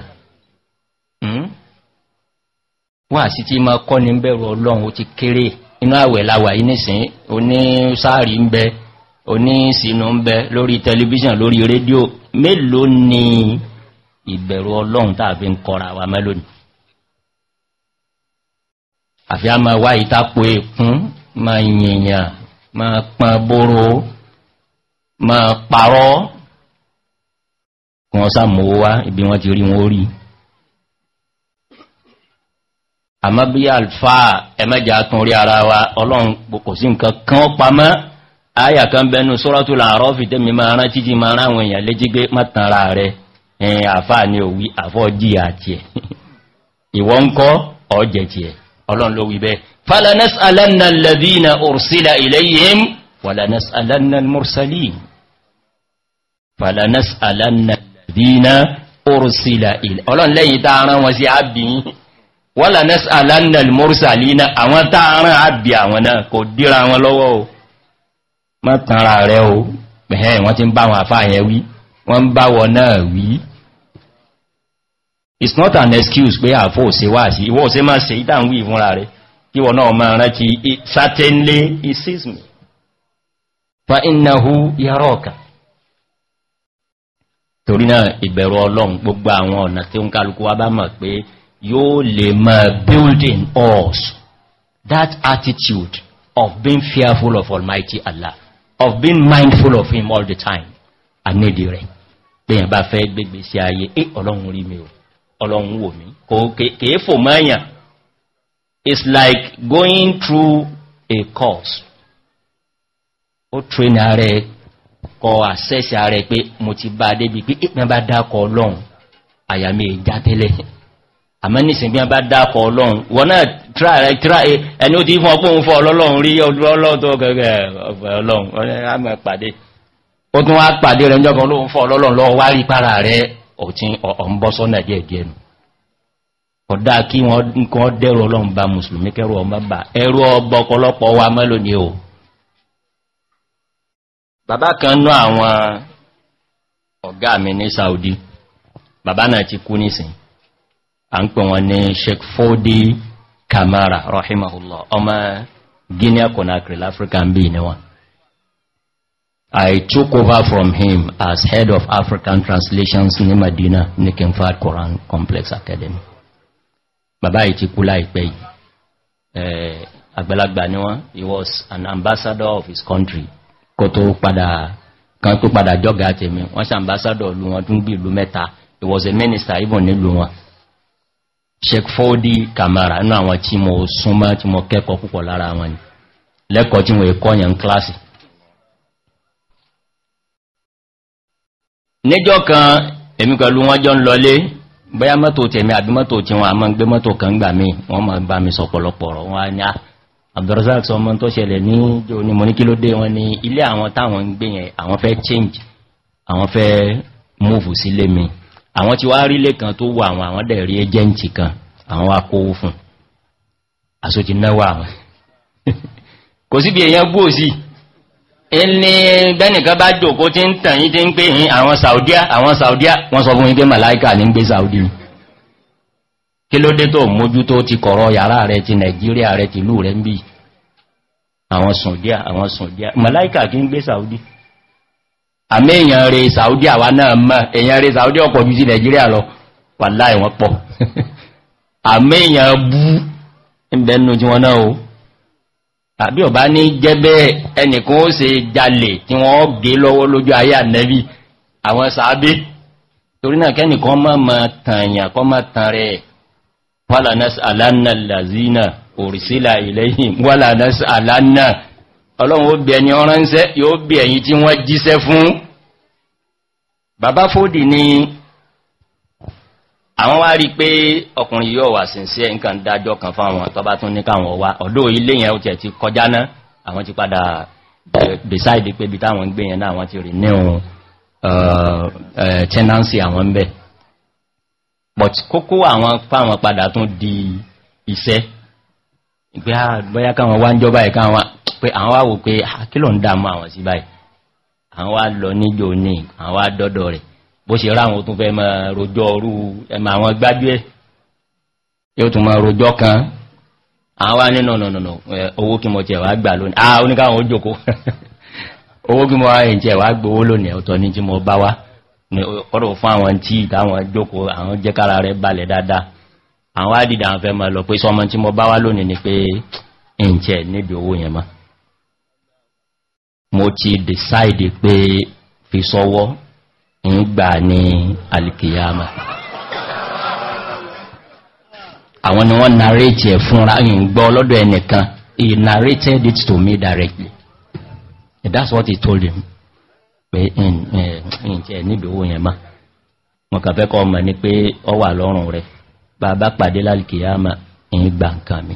hmm? wá sí tí máa kọ́ ní bẹ̀rù ọlọ́run ó ti kéré inú àwẹ̀ láwà inísìn oní sáàrí ń bẹ oní sínú ń bẹ lórí tẹlifíṣàn lórí rédíò mélòó ni ìbẹ̀rù ọlọ́run tàbí ń kọra wa mẹ́lónìí àfi a máa wá ìtàpò èkún máa yìnyàn ma pọn bóró ma parọ́ wọn sáàmù wá ibi wọn ti rí wọn rí àmọ́ bí alfa ẹmẹ́jà tún rí ara wa ọlọ́run kò sí nǹkan kan pamọ́ ayà kan bẹnu sọ́rọ́tù làárọ́ fìdé mi máa rán títí máa rán àwọn èèyàn léjígbé mọ́tànra rẹ̀ ẹ̀yìn àfà ní òwí àfọ́ jíyà tiẹ̀ ìwọ́n kọ́ ọ̀jẹ̀ tiẹ̀ ọlọ́run ló wí bẹ́ẹ̀ falanas'alanna alladhina ursila ilayhim walanas'alanna almursalin falanas'alanna alladhina ursila ilayhim olon lẹ́yìn tá rán wọn sí abi walanas'alanna almursalina àwọn tá rán abi àwọn náà kò dira wọn lọ́wọ́ o má tàn ra rẹ o eh wọ́n tin bá wọn afa yẹn wí wọ́n bá wọn náà wí it's not an excuse pé àfọ́ òsèwà sí ìwọ́ òsè máa ṣe ìdáhùn wí ìfúnra rẹ̀ kí wọ́n náà máa rántí certainly he sees me fa innahu yaraka torí náà ìbẹ̀rù ọlọ́run gbogbo àwọn ọ̀nà tí ó ń kálukú wá bá mọ̀ pé yóò lè máa building us that attitude of being fearful of almighty Allah of being mindful of him all the time anédi rẹ̀ pèyàn bá fẹ́ gbégbé sí ayé eh, ọlọ́run rí mi o ọlọ́run wò mí kò kéèfò mọ́yàn is like going through a course ó train ààrẹ kọ àṣẹ́sì ààrẹ pé mo ti bá débi pé ìpín bá dákọ̀ ọlọ́run àyàmì ìjá tẹ́lẹ̀ àmọ́ nìsìn bí wọ́n bá dákọ̀ ọlọ́run wọ́n náà tíráàrẹ tíráàrẹ ẹni ó ti fún ọgbọ́n fún ọlọ́run rí ọlọ́run tó gẹ̀gẹ̀ ọlọ́run ọ̀dá kí wọ́n nǹkan dẹ̀rọ ọlọ́run bá mùsùlùmí kẹrọ ọmọ bá ẹrù ọgbọ̀ ọ̀pọ̀lọpọ̀ wa mẹ́lò ní o bàbá kan ní àwọn ọ̀gá mi ní saudi bàbá náà ti kú nísìn à ń pè sheikh fodi kamara rahimahullah ọmọ guinea conakry africa African bí ní wọn i took over from him as head of african translations ní madina ní kinfad quran complex academy bàbá yìí ti kú láìpẹ́ yìí àgbàlagbà ni wọ́n he was an ambassador of his country kó tó padà kan tó padà jọ́gà tèmi wọ́n ṣe ambassador lu wọn tún bí ìlú mẹ́ta he was a minister even nílùú wọn sheik fodi kamara inú àwọn tí mo súnmọ́ tí mo kẹ́kọ̀ọ́ púpọ̀ lára wọn ni lẹ́kọ̀ọ́ tí mo èkọ́ yẹn kíláàsì níjọ́ kan èmi pẹ̀lú wọn jọ ń lọlé bóyá mọ́tò tẹ̀mí àbí mọ́tò tí wọ́n a mọ́ gbé mọ́tò kan gbà mí wọ́n ma bá mi sọ pọ̀lọpọ̀ rọ̀ wọ́n a ní Abdurrazak sọ mọ́ tó ṣẹlẹ̀ ní jò ní mọ́ ní ni ilé àwọn táwọn ń gbé yẹn àwọn fẹ́ change àwọn fẹ́ move sílé mi àwọn ti wá rí lé kan tó wọ àwọn àwọn dẹ̀ rí ẹjẹ́ǹtì kan àwọn wá fún kò síbi èèyàn bú ní bẹ́nìkan bá jòkó tí ń tàn yí tí ń pè yí àwọn saudiya àwọn saudiya wọ́n sọ fún yí pé màláìkà ní ń gbé saudi kí ló dé tó mójútó ti kọ̀rọ̀ yàrá rẹ̀ ti nàìjíríà rẹ̀ ti lú rẹ̀ ń bí àwọn saudiya àwọn saudiya màláìkà kí ń gbé saudi àmì èèyàn rẹ̀ saudi àwa náà mọ́ èèyàn rẹ̀ saudi ọ̀pọ̀ ju ti nàìjíríà lọ wà láì wọ́n pọ̀ àmì èèyàn bú ń bẹ́nu tí wọ́n náà àbí ọ̀bá ní jẹ́bẹ́ ẹnìkan ó se jalè tí wọ́n gé lọ́wọ́ lójú ayé ànẹ́bí àwọn sàábé torí náà kẹ́nìkan mọ́ mọ́ tààyàn kọ́ mọ́ tàn rẹ̀ wàlànàs àlànà làzínà òrìsílà ilẹ̀yìn wàlànàs ni àwọn wá rí pé ọkùnrin yóò wà sínsẹ́ nǹkan dájọ́ kan fáwọn tọ́bá tún ní káwọn wá ọ̀dọ́ ilé yẹn ó tẹ̀ ti kọjá náà àwọn ti padà eh, decide pé bí táwọn gbé yẹn náà àwọn ti rí ní eh, eh, tenancy àwọn ń bẹ̀ but kókó àwọn fáwọn padà tún di iṣẹ́ pé ah, bóyá káwọn wá ń jọba ẹ̀ káwọn pé àwọn wá wò pé ah, kí ló ń dààmú àwọn sí báyìí àwọn wá lọ níjò ní àwọn wá dọ́dọ̀ rẹ̀ bó ṣe ráwọn tún fẹ́ mọ́ rojọ́ orú ẹmà àwọn gbájúẹ̀ yóò tún mọ́ rojọ́ kan àwọn ní nọ̀nà owó kí mọ̀ wá gbà lónìí ah oníkàwọn òjòkó owó kí mọ̀ ẹ̀yìn tẹ̀ wá gbówó lónìí ní tí bá wá ọ̀rọ̀ fún àwọn tí ìtàwọn àwọn rẹ̀ balẹ̀ dáadáa àwọn wá ń gbà ní alìkìyàmà àwọn ni wọ́n narrate ẹ̀ fúnra ń gbọ́ lọ́dọ̀ ẹnìkan he narrated it to me directly and that's what he told him pé ǹjẹ́ níbi owó yẹn má wọn fẹ́ kọ́ ọmọ ni pé ọ wà lọ́rùn rẹ̀ bàbá pàdé lálìkìyàmà ń gbà nǹkan mi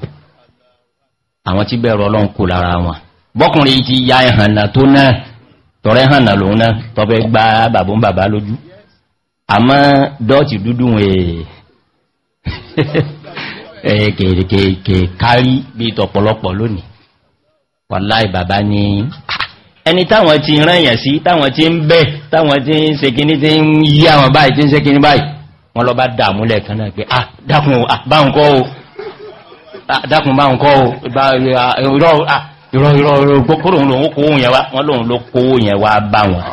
àwọn tí bẹ̀rọ ọlọ́run kù lára wọn bọ́kùnrin ti ya ẹ̀hànà tó náà tọ̀rẹ́ hànà lòun náà tọ́fẹ́ gbá bàbún bàbá lójú àmọ́ dọ́ọ̀tì dúdú kèèkèèkè eh, kárí bí tọ̀pọ̀lọpọ̀ lónìí wàláì bàbá ní ẹni táwọn ti rányàn sí táwọn ti ń bẹ́ táwọn ti ń se kíní ti ń yí àwọn báyìí ti ń se kíní báyìí wọ́n lọ bá dàmúlẹ̀ kan náà pé ah dákun ah, kọ́ o ah, ìrọ̀ ìrọ̀ ìrọ̀ gbogbo lòun lòun kówó yẹn wá wọ́n lòun ló kówó yẹn wá bá wọn